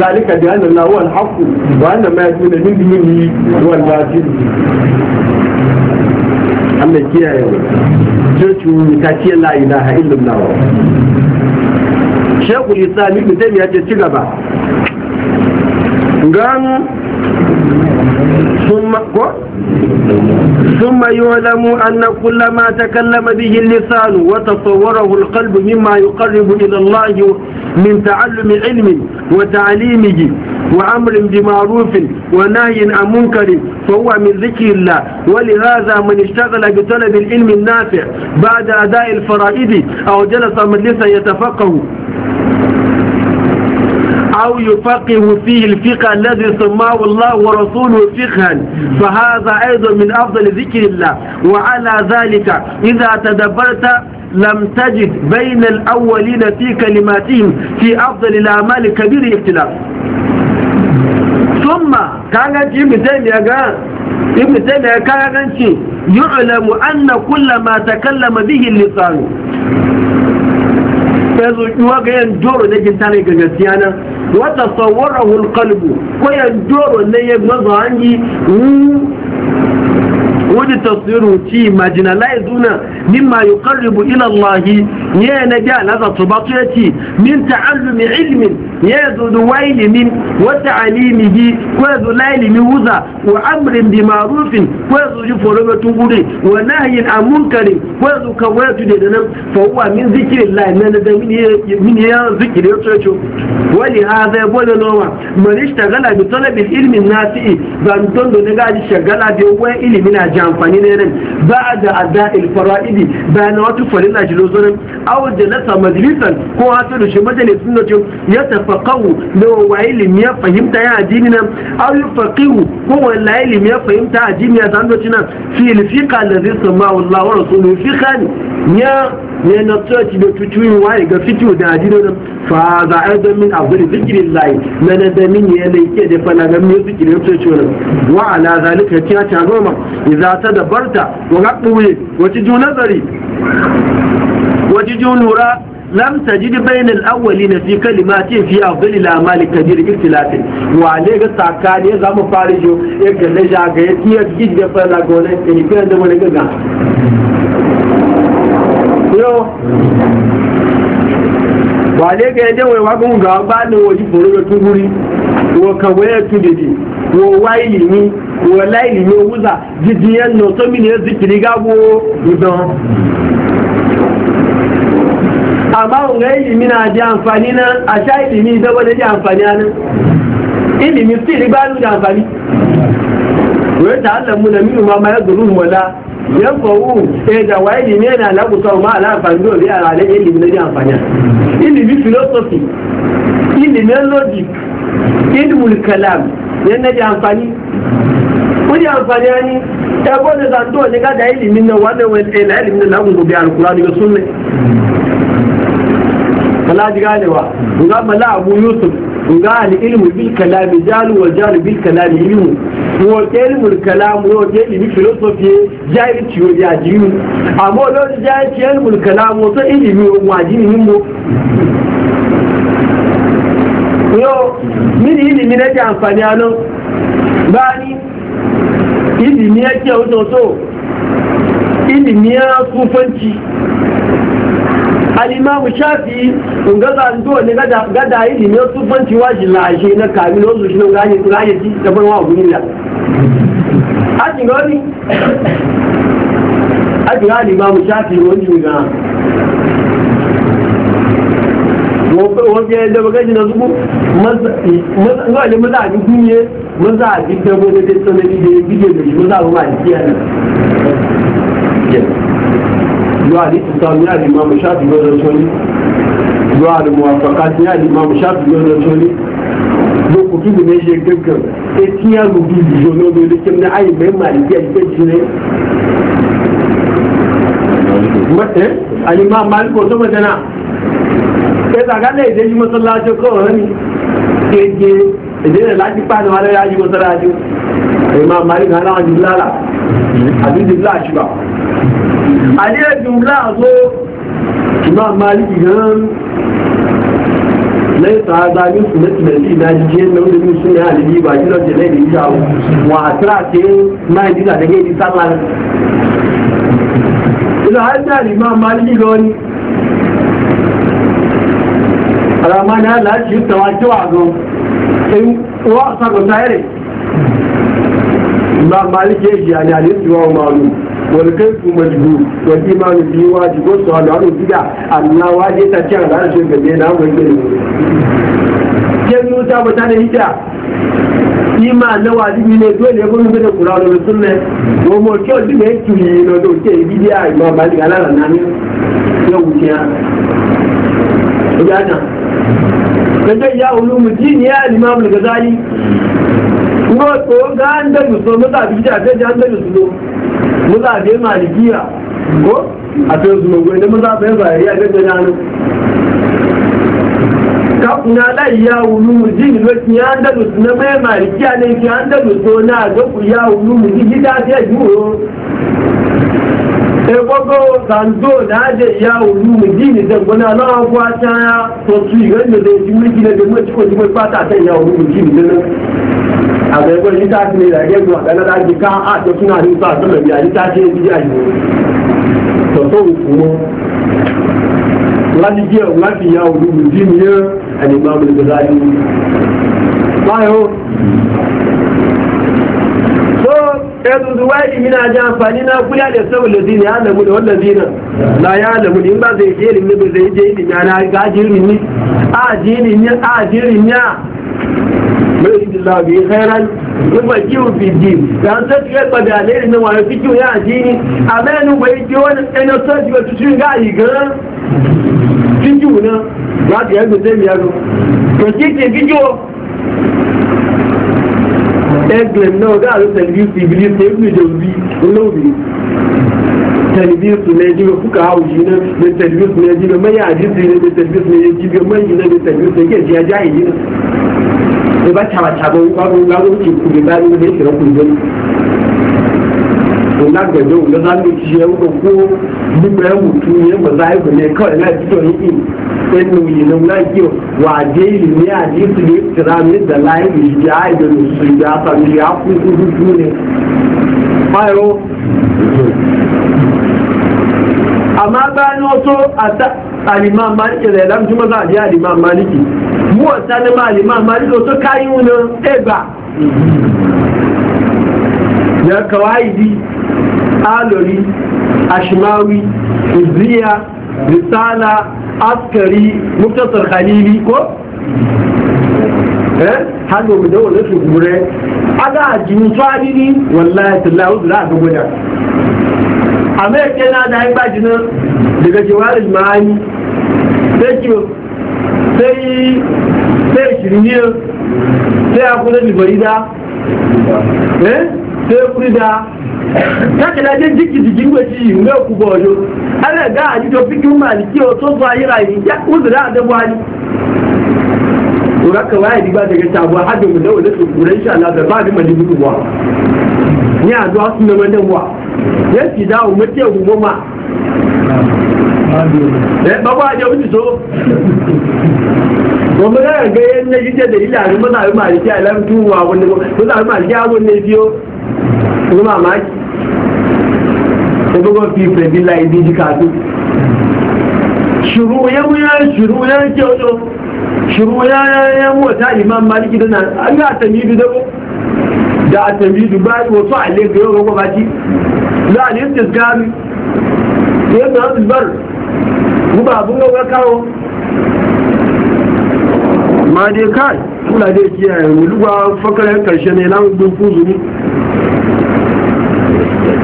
zalika bi anna Allah wal haqu wa anna ma yajuna min dinihi wal batil amma kiyaye wa cucu ta ce la ilaha illallah Shekul Islam Ibn Taymiyyah ya ce ci gaba. Gan ثم ثم يعلم أن كل ما تكلم به اللسان وتصوره القلب مما يقرب إلى الله من تعلم علم وتعليمه وأمر بمعروف ونهي عن منكر فهو من ذكر الله ولهذا من اشتغل بطلب العلم النافع بعد أداء الفرائض أو جلس مجلسا يتفقه أو يفقه فيه الفقه الذي سماه الله ورسوله فقها فهذا أيضا من أفضل ذكر الله وعلى ذلك إذا تدبرت لم تجد بين الأولين في كلماتهم في أفضل الأعمال كبير اختلاف ثم كانت ابن تيمية ابن تيمية كانت يعلم أن كل ما تكلم به اللسان yanzu ɗuwa ga yan doro da وتصوره القلب ويجور أن يغمز عني ودي تصويره تي ماجنالايزونا مما يقرب إلى الله ya na biya laza zato ba su yace min ta'allumi ilmin ya zo da wailimin wa ta'alimihi ko ya zo lailimi wuza wa amrin bi ma'rufin ko ya zo ji forobe tungure wa nahyin an munkari ko ya zo kawaitu da nan fa huwa min zikrillah na da min ya zikri ya tsoce Wani hada ya bole noma man shagala bi talabil ilimin nasi'i ban don da ga ji shagala bi wai ilimi na ji amfani ne nan ba da ada'il fara'idi bayan wata farilla ji zo nan aw jalasa majlisan ko da shi majalisin da ya tafaqahu da wa ilimi ya fahimta ya addini nan aw yufaqihu ko wala ilimi ya fahimta addini ya san da cinan fi al fiqa allazi sama Allah rasuluhu fiqani ya ne na tsoci da tutuyin waye ga fito da adino fa za a da min abdul zikirin lai na na da min ya laike da fana ga min zikirin tsoci wani wa ala zalika ta ta goma idza ta da barta wa ga buye wati ju nazari wati ju lura lam tajid bainal al-awwalina fi kalimati fi afdal al-a'mal kadir ikhtilafi wa alega sakani za mu farijo ya galle ja ga ya tiyar gidda fala gona ke ni kan da mun ga. yóò wà lẹ́gẹ̀ẹ́ ẹjẹ́wọ̀n ìwágún gbà bá ní ojú fòrò tún gúrí wọ́n kàwé ẹ̀tún dèdè wọ́n wá ní wọ́n láì ní owúzà jíjí ẹnu tó ẹ̀sì kìrì ìdán àmá òun yanfawu sai eh, da waye na yana lagusa ma ala amfani dole a ranar ilimi na jin amfani ilimi philosophy ilimin logic ilmul kalam yana jin amfani kuni amfani yani ya gode zanto ne ga da ilimin nan wannan wani eh, na ilimin na lagun gobe alkurani ga sunne kala ji ganewa ga mala abu yusuf ga al ilmu bil kalami jalu wa jalu bil kalami ilmu wòtí ilmul kalam wòtí ilmi filosofi jahilci wòtí àjíyù àmọ́ lórí jahilci ilmul kalam wòtí ilmi ohun àjíyù nímbo yóò mini ilmi na jẹ́ àǹfààní àná bá ya ilmi ẹjẹ́ òtòtò ilmi ya kúfanci alimamu shafi in ga ndo ne gada ilimi su banci washi lashe na kamin shi na ganye da ban wa ya àjìrọ́ ní àjìrọ́ àdìgbà mùsáàtì wọ́n jù náà wọ́n jẹ́ ẹgbẹ́gbẹ́jì náà túnbú náà lè mọ́sá àti gúnyé mọ́sá àti gbẹ́gbẹ́ lẹ́gbẹ́ tó lè dìde fídíò lèyí mọ́sá àwọn àti ẹ̀nà yóò àdìsí sọ ní àdìmọ́ mùsáàtì lọ́dọ̀ sọ́lé yóò àdìmọ́ àfọ̀kà ní àdìmọ́ mùsáàtì lọ́dọ̀ sọ́lé zo ku tudu ne shi gaggar sai tiya rubi biyo no do da na ayi mai maliki a cikin ne ali ma malik ko sama dana ne ko ke la ji pa wala ya ji ba ali jumla zo lai tsada min su nake da na ji jiyan nan da sun ya alibi ba kilo lai da yi jawo wa tira ce ma yi da ga yi sallah ila har da limam maliki ga wani alama na lati tawa kiwa go sai wa sa go tare imam maliki ya ji ani alisi wa ma'lum والكيف مجهول والإيمان به واجب والسؤال عنه بدع أن لا واجب تشعر على na بدينا وكذا kemiyu ta bata da hijira ima na wajibi ne dole ya gomi da kura da mutum ne ko mo kyo di ne ki yi no do ke bi dia ba ni ala na ni ya wuce ya ya ta kada ya ulumu din ya imam al-ghazali ko ga an da mu da bi da da an da muso mu da be malikiya ko a to zuwa ne mu da be ba ya ga da nan kakuna lai ya wulu muzi an da e andalus na mai malikiya ne ki andalus to na gaku ya wulu muzi gida ta juro egogo zando da aje ya wulu muzi ne zango na lawa kuwa ta ya to su yi wanda zai ji mulki na da mulki ko jimai fata ta ya wulu muzi ne nan a ga egon ta ce ne da ya zuwa kana da ji ka a ta suna hin sa sama biya ta ce ji ya yi to so kuma wani jiya wani ya wulu muzi ne الإمام الغزالي ما هو oh? yanzu ji amfani na kula da sau lazina ya lamu da wannan zina na ya in ba zai je ilimi ba zai je ilimi na ga jirin ni a jirin ya a jirin ya mai yi dilla bi in ba kiwo fi ji dan sai ya da alheri na wani fi kiwo ya jini amma yanzu yi je wani ɗan sai ya tutu ga yi ga fíjù náà láti ẹgbẹ̀ tẹ́mi ẹnu kò sí ti fíjù ẹgbẹ̀ náà gáàrí tẹ̀lifí sí ibi tí ó gbìjọ bí olóòbí tẹ̀lifí sí nàìjíríà fúkà àwùjí náà lè tẹ̀lifí sí nàìjíríà mẹ́yà àdísì lè tẹ̀lifí sí nàìjíríà mẹ́yìn náà lè tẹ̀lifí sí nàìjíríà ẹjẹ́ àìyí ba lè bá ba wípé wọ́n ń gbárùkù kùdìbá ní ba ìṣẹ̀lẹ̀ kùdìbá ìlà gbẹ̀dẹ̀ òun lọ́la lè ṣe ẹ̀wọ̀n kó gbígbẹ́ ẹ̀wọ̀n tún yẹn mọ̀lá ẹ̀wọ̀n lè kọ́ ẹ̀lá ìtútọ̀ yìí ẹnu yìí ló ńlá yìí wà á dé yi ní ni. alori ashimawi izziya risala askari muktasar khalili ko eh? har gobe da wani su gure a ga ajiyun tsari ne wallahi tallahu zura a gwada a mai na da ya ba jinan daga jiwarin ma'ani sai kiwo sai sai shiriniyar sai a kuna libari da eh sai da takila je jiki jiki weji nge ku boyo ale ga aji to fiki mali o to so ayira yi ja uzra da bwani uraka wai di ba daga tabu hadu mu insha Allah da ba ni a wa da eh baba so wọ́n gẹ́gẹ́ ní wà wọ́n ní àwọn ní ó ní mamaki ẹgbẹ́gbẹ́ fi ìfẹ̀bí la ibi jíkàtó ṣùrù yẹ́múyá ṣùrù yẹ́ jẹ́ ọjọ́ ṣùrù yẹ́mú ọ̀tá imam maliki dana an yi àtẹ̀mídù dẹ́gbó da àtẹ̀mídù bá wọ́tọ́ àlẹ́gbẹ̀ yóò rọ́gbọ́ bá jí láàrin ti gari yẹ́mú ọ̀tùbọ̀rù gúbà abúlé wẹ́ káwọ́ ma dai kai kula dai kiyaye wuluwa fakarar karshe ne lan gbin kuzu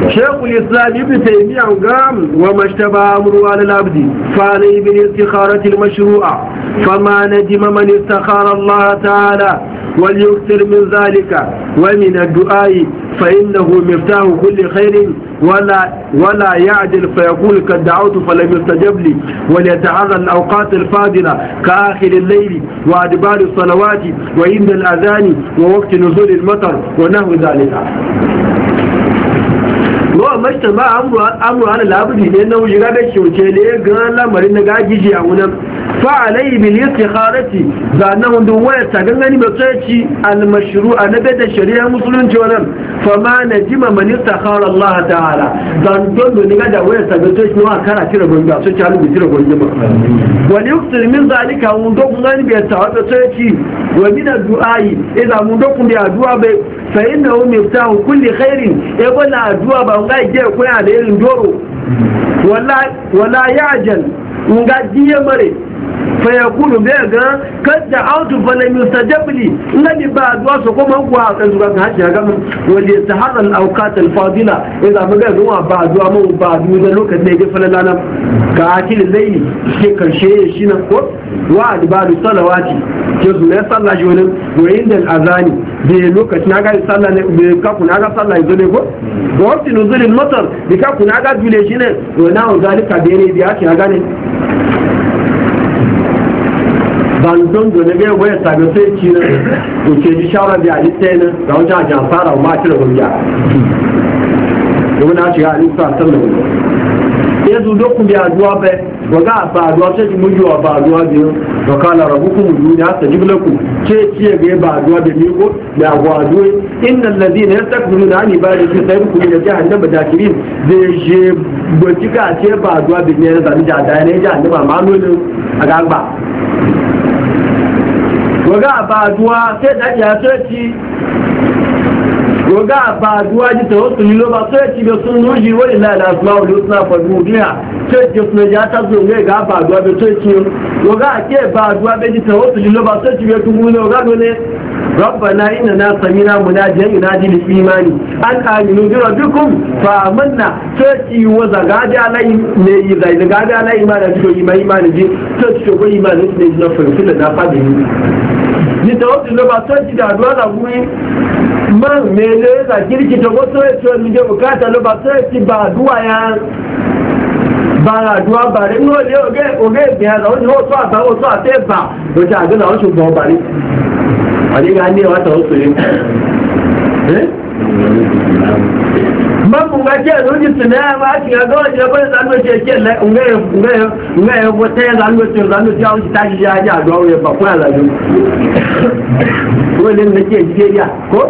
شيخ الإسلام ابن تيمية قام وما اشتبه أمره على العبد فعليه بالاستخارة المشروعة فما ندم من استخار الله تعالى وليكثر من ذلك ومن الدعاء فإنه مفتاح كل خير ولا ولا يعدل فيقول قد دعوت فلم يستجب لي وليتعرى الأوقات الفاضلة كآخر الليل وأدبار الصلوات وعند الأذان ووقت نزول المطر ونحو ذلك mashita ba amuru ala labudi ne na wuji gaga kyauce ne ga lamarin na gagiji a wunan fa alai bil istikharati za na hundu waya ta gangani ba sai ci al a na bada shari'a musulunci wannan fa ma najima man istakhara Allah ta'ala dan don ne ga da waya ta ga sai ci wa kara tira gonga sai ci alubi tira gonga ma wa li yuktil min zalika mun do kun gani bai ta wa sai ci wa min addu'ai idan mun do kun bi addu'a bai fẹ̀yìn náà omi ta òkú lè xẹ́rì ẹgbẹ́ náà àdúrà bá ńgá ìjẹ́ ìpín àdéhìn dóró wọ́lá yáàjẹ̀l ńgá díẹ̀ mẹ́rẹ̀ fẹ̀yẹ̀kúrù bẹ́ẹ̀ gan kẹta áwùtù fẹlẹ̀ mr jẹ́bìlì ńgá ní ni ba sọ̀kọ́ máa kuma wà a kan àti àgámù wọ́n lè sàhárà àwùká tẹlifàdínà ẹ̀dà mẹ́gà ìlú wọn bá àdúrà mọ́ wọn bá àdúrà lókè wa adibaru salawati ke su ne sallah wani goyin da azani lokaci na gari sallah ne bai kaku na aga sallah izo ne ko ga wakti nuzulin matar bai kaku na ga dule shi ne wani na'u zalika da yanayi biya ce aga ne ban don gane bai waya sabi sai ci na to ke ji shawara da halitta ne da wajen ajiyar fara ma cire hujja domin na shiga a sallah ne ya zo dokun biya zuwa bai waga a faruwa ta jimin yiwa faruwa da yau da kala rabu kuma duniya ta jiblaku ce ciye ga ba duwa da miko da gwado inna allazina yastakbiru na ani ba da shi sai ku da jahannama da kirin da je bojika ce ba duwa da ne da da da ne jahannama ma nolin a gaba waga a faruwa sai da ya sai yoga ba zuwa ji tawassuli lo ba sai ci be sun nuji wa lillahi al-asma'u al-husna fa biha sai ci sun ja ta zo ne ga ba zuwa be sai ci yoga ke ba zuwa be ji tawassuli lo ba sai ci be tumu ne yoga dole ربنا إننا سمينا مناجيا ينادي للإيمان أن آمنوا بربكم فآمنا تأتي وزغاد على إذا زغاد على إيمان تشو إيمان إيمان جي تشو إيمان إيمان إيمان فيصل نفاده níta ó ti lọ́ba tó ti dàdúrà làwúrí máa ń mẹ́lẹ́ làkìrìkì tọ́gbọ́ tó ètò ẹ̀mí jẹ́ bùkátà lọ́ba àdúrà ya bàrà àdúrà bàrẹ̀ ní òlé ògé ògé ìgbìyà làwọn ìwọ̀n tó àtẹ́ mafunga ce rujistu na ya ma shi ga wani yabar zanu ce ce nga ya ya zanu ce zanu ce haushi tashi ya ji a duwawu ya ba kuna zazu wani na ke jike ya ko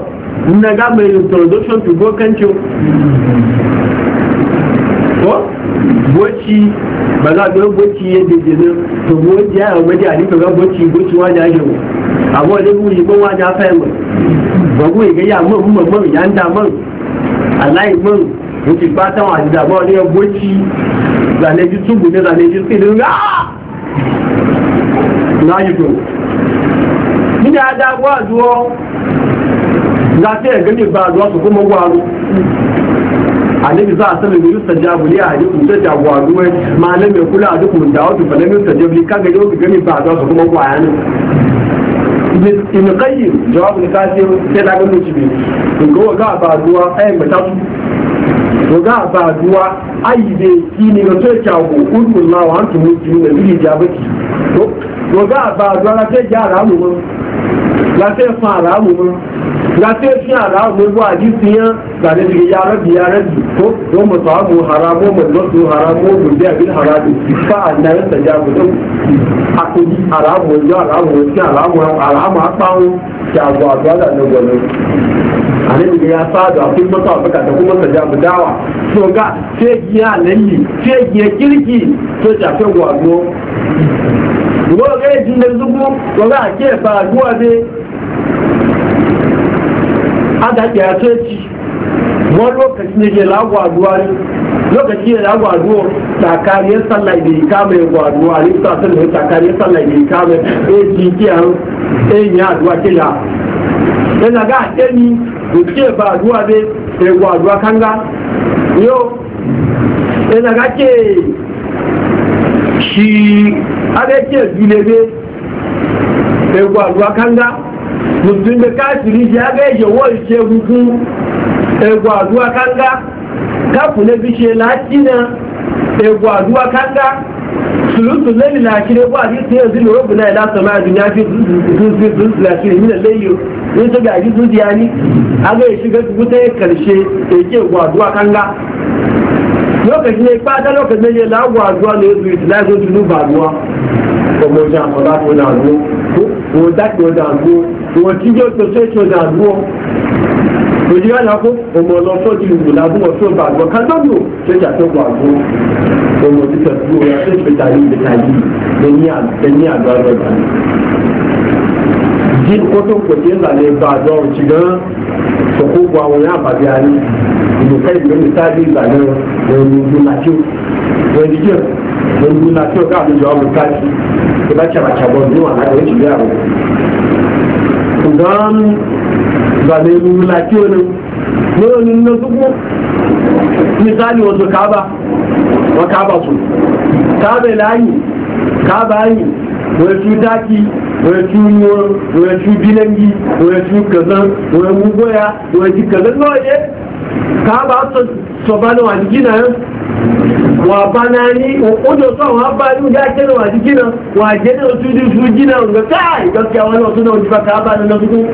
na ga mai introduction to go kancin ko boci ba za a ɗora boci ya jejjene to ya yi waje a rika ga boci boci wani ake mu abuwa yi ko ban wani afayin mu ba guji ga ya mun mun mun ya nda mun aláìmọ̀ ní ti bá táwọn àdìdàbọ̀ ní ẹgbó tí ìgbàlejò túbù ní ìgbàlejò sí aa rà láyìbò ní dáadáa wà lúọ́ láti ẹ̀gẹ́ lè bá lọ́ọ́ tó kó mọ́ wà lú annabi za a sanar da yusta jabu ne a duk da jabu a duwai malam ya kula a duk mun dawo to fa lam yusta jabu kaga yau ga gani ba za su kuma ibn qayyim jawabul kasir sai da ganin shi to ko ga ba duwa ai mutan to ga ba duwa ai be kini ga to ta ko kullu la wa antum mujibun bi jabati to ga ba duwa la sai ja ra mu la sai fa ra mu ga sai shi a ra'a mai zuwa hadisi ya ga da shi ya rabi ya rabi ko ko mu samu haramo mu nasu haramo mu biya bil harami fa anna ya tajabu dan akudi haramo ya haramo ya haramo haramo apawo ya zuwa zuwa da nan gwalo annabi ya sadu akwai masa baka da kuma tajabu dawa to ga sai ya lalli sai ya kirki to ta fe gwalo wọ́n rẹ̀ jí lẹ́gbùgbù wọ́n rẹ̀ àkíyèsà àdúrà dé ada ƙyace ci wani lokaci ne ke lagwa duwa ne lokaci ne lagwa duwa tsakaniyar sallah da ya kama gwaduwa a lissa sun da ya tsakaniyar da ya kama ya ji kiyan ya duwa kila yana ga ake ni da ke ba duwa ne ya gwaduwa kan ga yo yana ga ke shi ada ke ne ya gwaduwa kan ga mutum da kafiri ya ga yaje wani ce hukun egwaduwa kanga kafu na bishe latina kanga sulutu lẹ́yìn làkiri wà ní tí èzí ló rọ́bù náà láti ọmọ àdúnyá fi dùn làkiri nílẹ̀ lẹ́yìn ní tó gbà yí dùn di ani agbẹ́ ìṣúgbẹ́ tó tẹ́ kẹ̀lẹ́ṣe èké ìwà àdúrà kánga lókèjì ní ipá dá lókèjì méje láwọ̀ àdúrà ní ètò ìtìláìsó tó lù bàdúrà ọmọ ìjà àkọ́lá tó náà ló òun dákì ọjà àgbo òun tí yóò tó ṣe ṣe ọjà àgbo òjì rẹ̀ lákó ọmọ ọlọ́fọ́ di ìlú lábú ọ̀tọ́ ọba àgbọ̀ kájọ́bù tó jà tó gbọ̀ àgbo ọmọ títọ̀ tí ó yàtọ̀ ìpẹta yìí ìpẹta yìí lẹ́ní àgbà rẹ̀ jí kótó kò tí ń ba bá àjọ òjì gan kókó bu àwọn yẹn àbàbí ayé ìlú kẹ́ ìlú ìlú sáà lórí náà tí ọ̀gá àlejò àwọn káàkiri tó bá ṣe àbàṣàbọ̀ ní wọn àgbẹ̀ òjì yàrá ǹgán gbàgbé lórí náà tí ní lórí ní ló tó misali wasu kaba wa kaba su kaba layi daki wai su yiwuwa wai su bilangi wai su kazan wai mugoya wai su kazan kawai ne kaba su wabanani ujotoa wabani ujakene wajikina wajene otuji fujina nga kai gaskiya wani wasu na wajiba kaaba na nasuku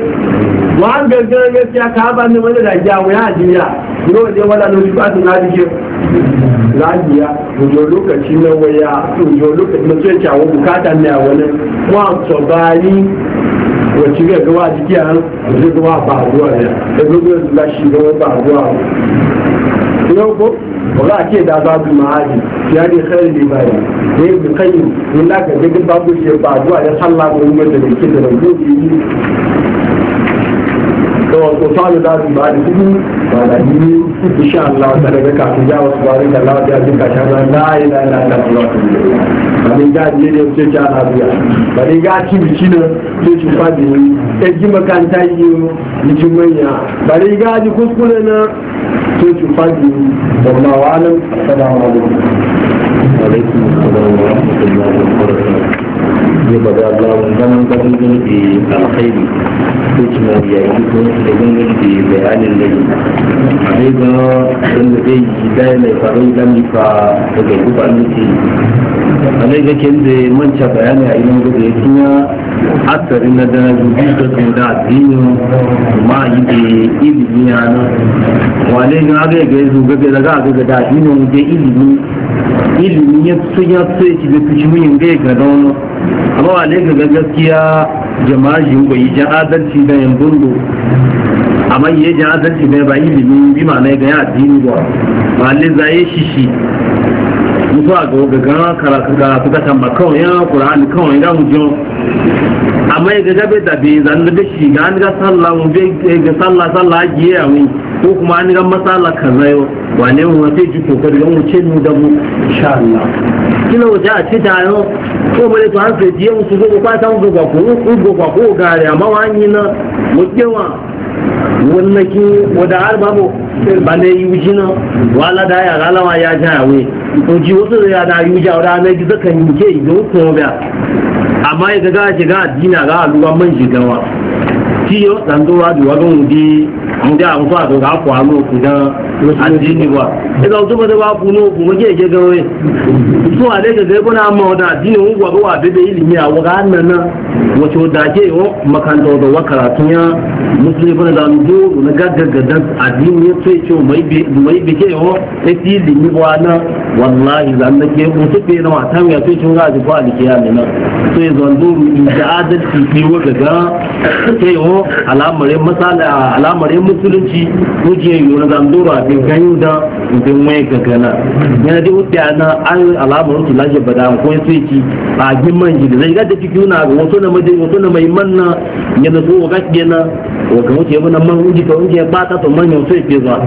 wa gangan gaskiya kaaba ne wani da jawo ya jiya ne wani wala na wajiba su na jike lajiya ujo lokaci na waya ujo lokaci na tsoye kyawo bukata ne a wani wa tsobani wacce ga gawa jiki a zai gawa ba a ruwa ne da gudu da shi gawa ba a ruwa ne ko wala ake da babu ma'adi ya ne khair ne bai ne bi kai ne la ga duk babu shi ba zuwa ya sallah ko mu da dake da rubu yi to ko salu da ba da kuma ba da ni insha Allah ta daga ka ku ja wasu bari da Allah ya jin ka sha la ilaha illa Allah ba ni ga ne ce ta na biya ba ni ga ci bici ne ce ci fadi e ji makanta yi ni ji manya ba ni ga ji kuskure na sai ki faɗi wallahu alam assalamu alaikum alaikum assalam wa rahmatullahi wa barakatuh ne ba da Allah zaman gaban gani da alkhairi ko kuma ya yi ko da gani da bayanin da ne sai ga wanda zai yi da mai faru da mi fa daga gubanin ki alai ga kin da manta bayani a ilimin da yake asari na da rubuta tun da addini ma yi da ilimi ya nan wane ga aga yi gaizu gaga daga aga da addini wanda ilimi ilimi ya su ya su ya ci da mu muyin ga ya gada wani amma wane ga ga gaskiya jama'a jin bai jan adalci da yan bundo amma yi jan adalci da ba ilimi bi ma na ga ya addini ba m'a le za yi shishi mutuwa ga gaggawa karatu karatu ka tamba kawai ya kura'ani kawai da hujjan amma ga gabe da bai zan da shi ga an ga sallah mu bai ga sallah sallah ji ya mu ko kuma an ga masala kaza yau wane mu wace ji kokari ga mu ce mu da mu insha Allah kina waje a ce ta yau ko mu da to an sai ji mu su go kwata mu go ko ku go ko ga ya amma wani na mu ke wa wannan ki wada har babu ba ne wuji na wala da ya galawa ya ja jawe to ji wasu da ya da yuja wala ji zakan yi ke yi don ko ba amma ya ga shiga addina ga aluwa man shigawa tiyo dan do wa duwa ga mudi mudi an fa do ga ko anu ku da addini ba e ga to ba ba ku no ku je je ga we to ale ga ga na ma da addini wu wa wa bebe ilimi a wa ga nan na wato da ke yo makanto da wakaratu karatu ya musulmi da ndu na gaggaga da addini ya ce mai mai ke yo e ti ilimi wa na wallahi zanna ke mutu be na wata ya ce ga gaji ko alkiya ne nan sai zanduru in da adalci ke wa daga sai yo alamare masala alamare musulunci je yi na zanduru a bin ganyu da bin mai gagana yana da wuce na an alamar su laje bada ko sai a gin man da zai ga da kiki na wasu na mai wato na mai manna yana so ga na wa ga wuce mun man wuji to wuce ba ta to man yau sai ke zuwa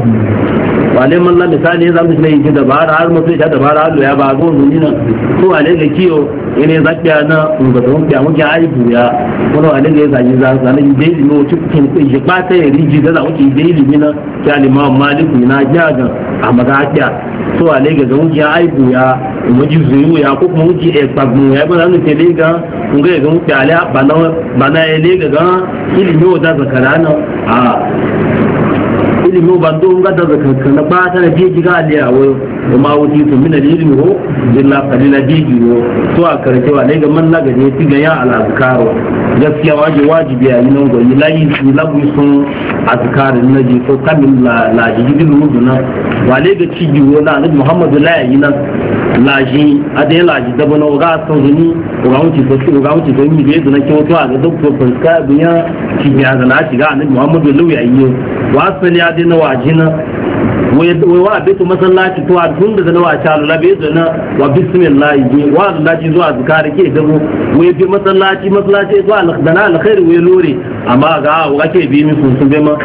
wale man la misali zan bi ne yi dabara har mu sai dabara har ya ba go mun nan to wale ga kiyo ene za ki yana ga zo ki amuki buya ya wala wani ne za yi za za ne dai limo ci kun ku ji ba ta yari ji da za ku dai limi na ki alima maliku na ja ga amaga ja so ale ga zo ki aibu ya mu ji zuyu ya ko mu ji e gbagbu ya ba nan ke ga kun ga ga mu ki ala bana bana ele ga ga ilimi wa da zakara na a no bando ga da zakaka na ba ta da biji ga aliya wa ma wuti to min al-ilmi ho illa qalila biji ho to a karke wa ne ga man na gaje ti ga ya al-azkaru gaskiya waje wajibi ya yi nan goyi layi yi lagu sun azkarin na ji ko kamin la jigidin rudu na wale ga cigi wo na annabi muhammadu la yi nan laji adai laji dabo na ga sun zuni ga wuce ko su ga wuce ko mi be zuna ke wato a ga doktor fuska biya ki ya zana ci ga annabi muhammadu lawi ayyo wasali ne ya dina wa jina wai wa abitu masallaci to tun da zana wa shalu labe zana wa bismillah ji wa allaji zuwa zikari ke dabo wai bi masallaci masallaci zuwa alkhana alkhairi wai lore amma ga wa ke bi mi sun su ma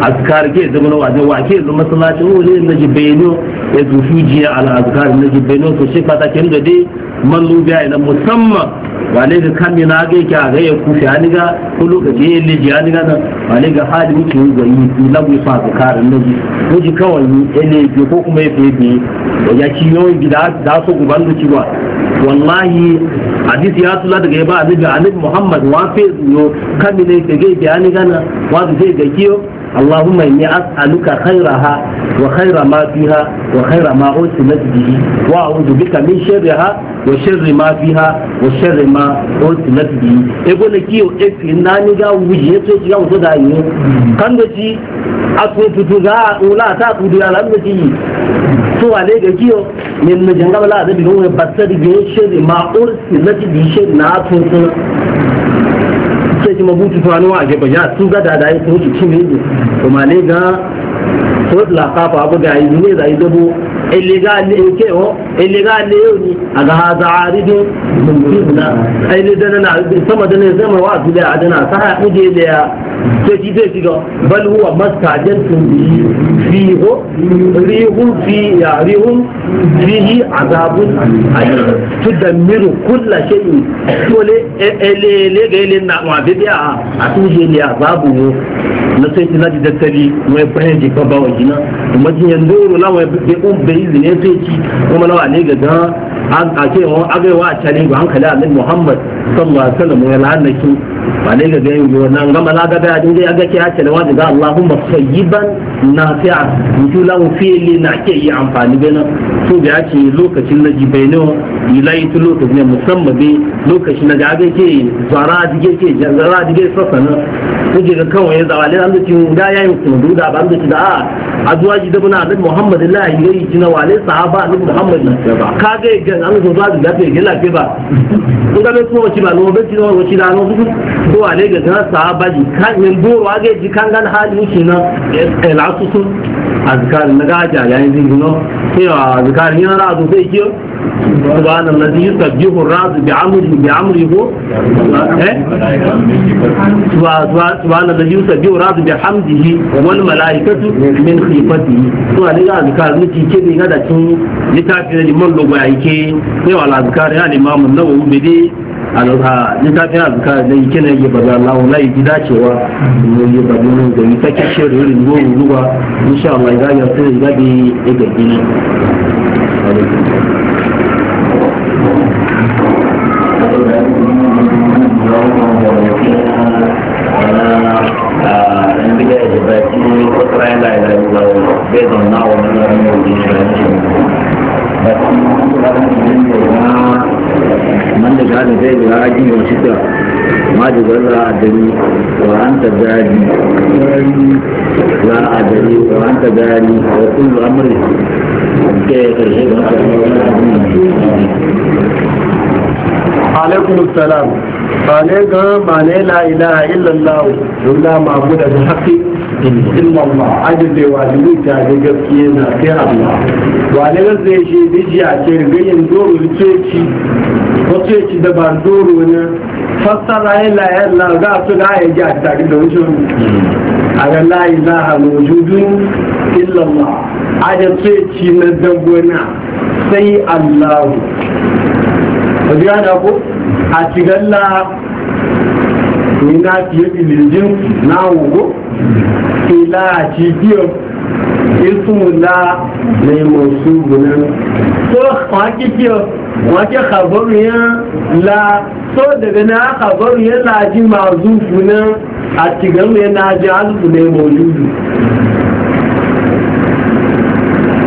azkar ke zama na wajen wa ke zama salati o ne na jibeno ya zufi jiya ala azkar na jibeno to shi fata kin da dai man lubiya ila musamman ba ne ga kan na ga yake a ga ya kufi ani ga ko lokaci ya leji ani ga nan ba ga hali muke yi ga yi na bu fa azkar na ji ko ji kawai ni ele bi ko kuma ya bi ya ci yo gida da so guban da ci ba wallahi hadisi ya tula daga ya ba annabi annabi muhammad wa fe yo kan ne ke ga ya ani ga nan wa zai ga kiyo اللهم إني أسألك خيرها وخير ما فيها وخير ما أرسلت به وأعوذ بك من شرها وشر ما فيها وشر ما أرسلت به يقول لك يو إفن ناني جاو وجي يتوش غا وصدا كان بجي أكو فتوغا ولا تاكو دي على بشي سوى لك كيو من مجنغا ولا أدبي هو بسر غير شر ما أرسلت به شر ناتو ne ti mabutu to a aje ba ya su gada da yi ko su kimi ne to male ga to la ka fa abu ga yi ne da yi dabo ele ga ne ke o oh, ele ga ne yau ni a ga haza aridin a ai da na sama da ne zama wa su da adana sa ha uje da ya ce ji zai shiga bal huwa mastajan tun bi fiho rihun fi ya rihun fihi azabun tudammiru kulla shay'in dole ele e, ele ga ele na wa bi da a tuje ne azabu ne na sai tina da tattali mai bayan jika bawa gina kuma jin yanzu la mai bi um ne sai ci kuma na zuwa ne ga dan an ake wani agaiwa a cani ga hankali a nan muhammad sallallahu alaihi wasallam ya lannaki ba ne ga gan yi wannan gama la ga ga din dai aga ke a cani wani ga allahumma sayyiban nafi'a mutu lahu li na ke yi amfani da nan so ga ya ce lokacin naji bai ne ilayi tun lokacin ne musamman bai lokacin na gaba ke zara a dige ke zara a dige sassa na kuje ga kawai ya zawale an zuci ga ya yi yayin kundu da ban zuci da a zuwa ji da muna nan muhammadu lahi yi jina wale sahaba a nan muhammadu ka ga gan an zuwa zuwa ga ga lafi ba kun ga kuma wace ba no ba cikin no wace da no duk ko wale ga ga sahaba ji kan min boro ga ji kan gan hali shi na el asusun azkar na ga yayin zingino sai azkar yana da sai kiyo سبحان الذي يسبح الراس بعمره بعمره سبحان الذي يسبح الراس بحمده والملائكة من خيفته سواء لغا أذكار نتي كذي هذا كي لتاكد لمن لغا يكي سوى الأذكار يعني إمام النووي بدي alha littafin azuka da yake na yi baza Allah la yi gida cewa mu yi babu mun da yi take shirin irin goro ruwa insha Allah ga ya sai ga bi ga gina adali wa anta jari la adali wa anta jari wa ke karshe ga alaikum da haqi na fassara ila yalla ga su ga ya ji a tare da wucin a ga la ilaha wujudun illallah a da ci na sai allahu ji a ni na fiye bilijin na wugo ila a na yi gunan ya la so daga na aka bar yana ji mazu funan a cigar yana ji alfu ne maujudu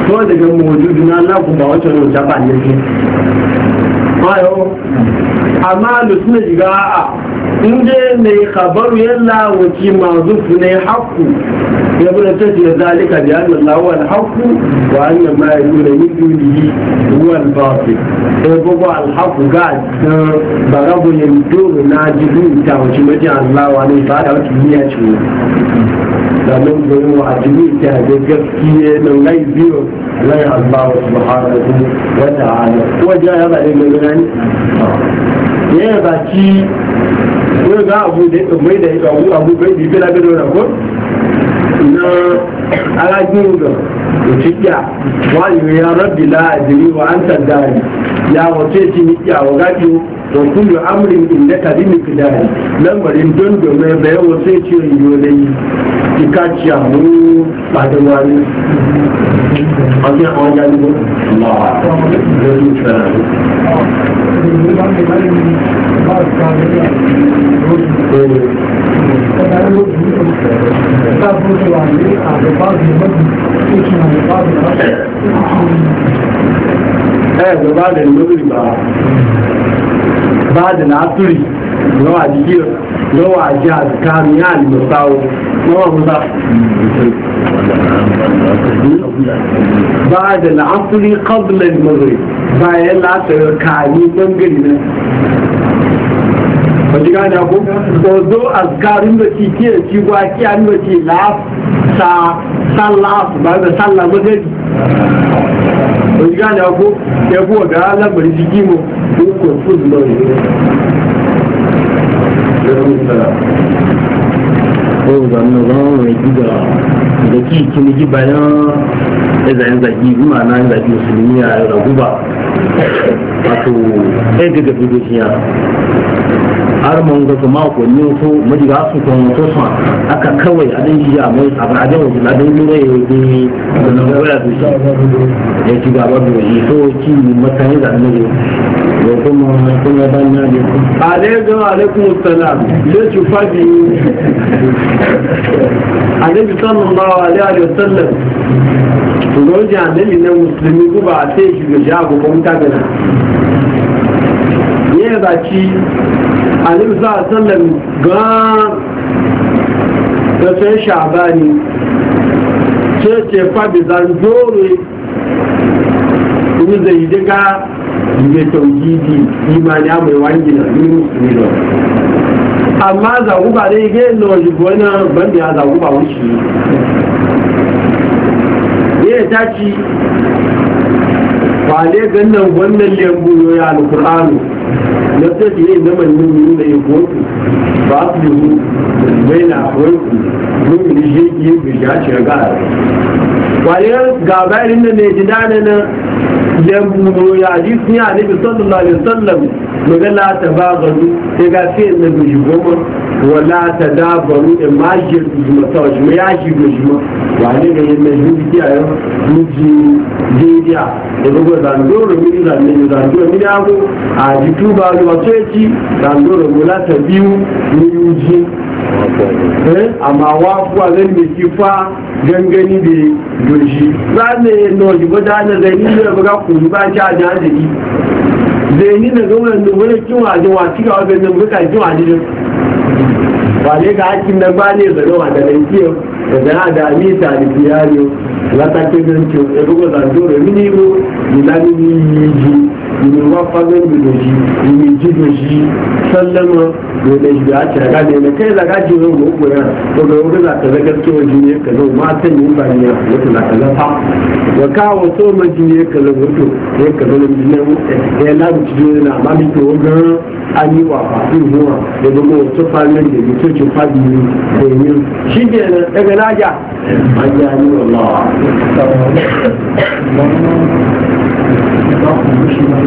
so daga maujudu na na kuma wacce ne wata ba ne ke amma da suna shiga a inda mai khabaru yalla waki mazufu ne haku ya bude ta ce zalika bi anna Allah wal haqqu wa anna ma yaqulu min dunihi huwa al batil sai gogo al haqqu ga barabu yin duru na jibu ta wuce maji Allah wa ne ba da wuce ya ce domin gari wa ajiyar ta da gaskiye nai biyu lai allah subhanahu wa ta'ala wajen yana yin gani yana baki yau za a bude mai da ita abu abu bai bi bila bila da ko na alajin ga cikiya wa yi ya rabbi la ajiyar wa an tandari ya wace ci mikiya wa gafi wa kullu amrin inda ka bi miqdari lamarin don don mai bayan wasu ya ce yiwo da yi ki ka ci a mu ba da wani a kan awon ya dubo Allah ya zuciya Eh, the Bible is بعد العصر لو عجير لو عجاز كان يعني مساو ما هو بعد العصر قبل المغرب بعد العصر كاني منغرب wani gane ku ozo azkarin da ci ke ci wa ki an da ci la sa salla su ba da salla magani wani gane ku ya kuwa ga lambar jiki mu o confuso da Yau da nuna mai da ki kini ji bayan ezayen zaki zuma na yin zaki musulmi a yau da guba wato ɗaya daga bidoshiya har mun ga kuma ko ne ko mudi ga su kon to sa aka kawai a dai ya mai abin a dawo da dai lura ya yi da nan wala su ya ci gaba da yi to ki mutane da ne alaikum alaikum salam sai ci fadi alaikum sallallahu alaihi wa sallam tsoron jami'in na musulmi guba a sai shiga jago ko mutagana ya zaci alaikum sallam gan da sai shabani sai ce fadi zan ne kuma zai daga. yi tauhidi imani ya mai wani gina yi musulmi da amma ba ne ke yin lawaji gona ban ya ba wuce ya ta ci ba ne ganin wannan lembu ya alkur'anu na tafi yin na manyan yi na yi kotu ba su yi mu mai na kotu mun yi shi yi ya ce ga ba ne ga da ne jidana na yamuru ya ji sun ya nabi sallallahu alaihi wasallam daga la ta ba garu sai ga sai na biji goma wala ta da baru in ma shi biji masa wa ma ya shi biji ma wani ne yanda shi biji a yau biji jidiya da zuwa zandoro da zandoro zandoro ya abu a ji ci ruwa tsoci zandoro mula ta biyu ni yuji Eh? amma wa kuwa da kifa gangani da doshi za ne na wajen gudanar da ni da buga kuru ba ci a jihar da yi. zai yi na gama da wani kinwa da wa cika wajen da buga kinwa da ba ne ga hakin nan ba ne zane wa da lankiyar da zana da amita da fiyariyo za ta ke zan ce ya eh, buga zanto da mini ko ni lamini yi ji ìrìnwá fagé gbèdè yìí ìrìn jíjò yìí sallama gbèdè yìí a cire ka ne kai da ka jiyo mu ko ya to ga wuri da ka zaga to ji ne ka zo ma ta yin ba ne ko ta ka zafa wa ka wa to ma ji ne ka zo to ne ka zo ne ne ya la mu ji ne na ma mi to ga an yi wa fa din huwa da ga ko to fa ne da to ci fa bi ne ko ne shi daga na ja ni wallahi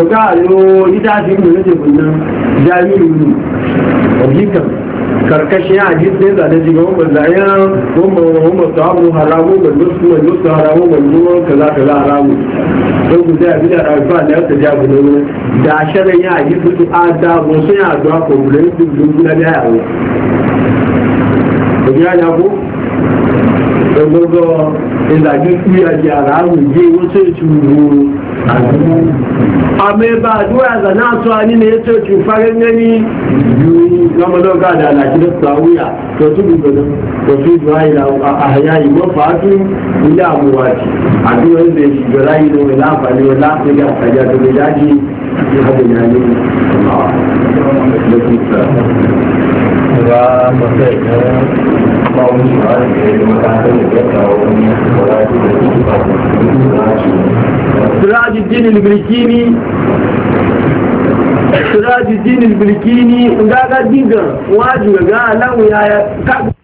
ọ̀gá àlọ́ dídájú ìlú lóde bùnà jari ìlú ọ̀gíkan karkashin hadisi da da jiga wanda zayan wanda wanda ta abu haramu da lusu da lusu haramu da lusu kaza kaza haramu don ku zai abin da rafa da ta ja ku dole da sharan ya yi su ada ko sun ya zuwa ko bulan na ci amma ba addu'a zana su ani ne yace ki farin gani gama da ga da laki da sawiya to su duka da to su duai da ahyayi wa fatu ila muwati addu'a da ba ba sai ta mawuni ba da ke da makasar da ke kawo wani kwaraji da ke ba da ke kwaraji kwaraji jinin birkini jinin birkini ga ga diga waju ga lawuya ya kagu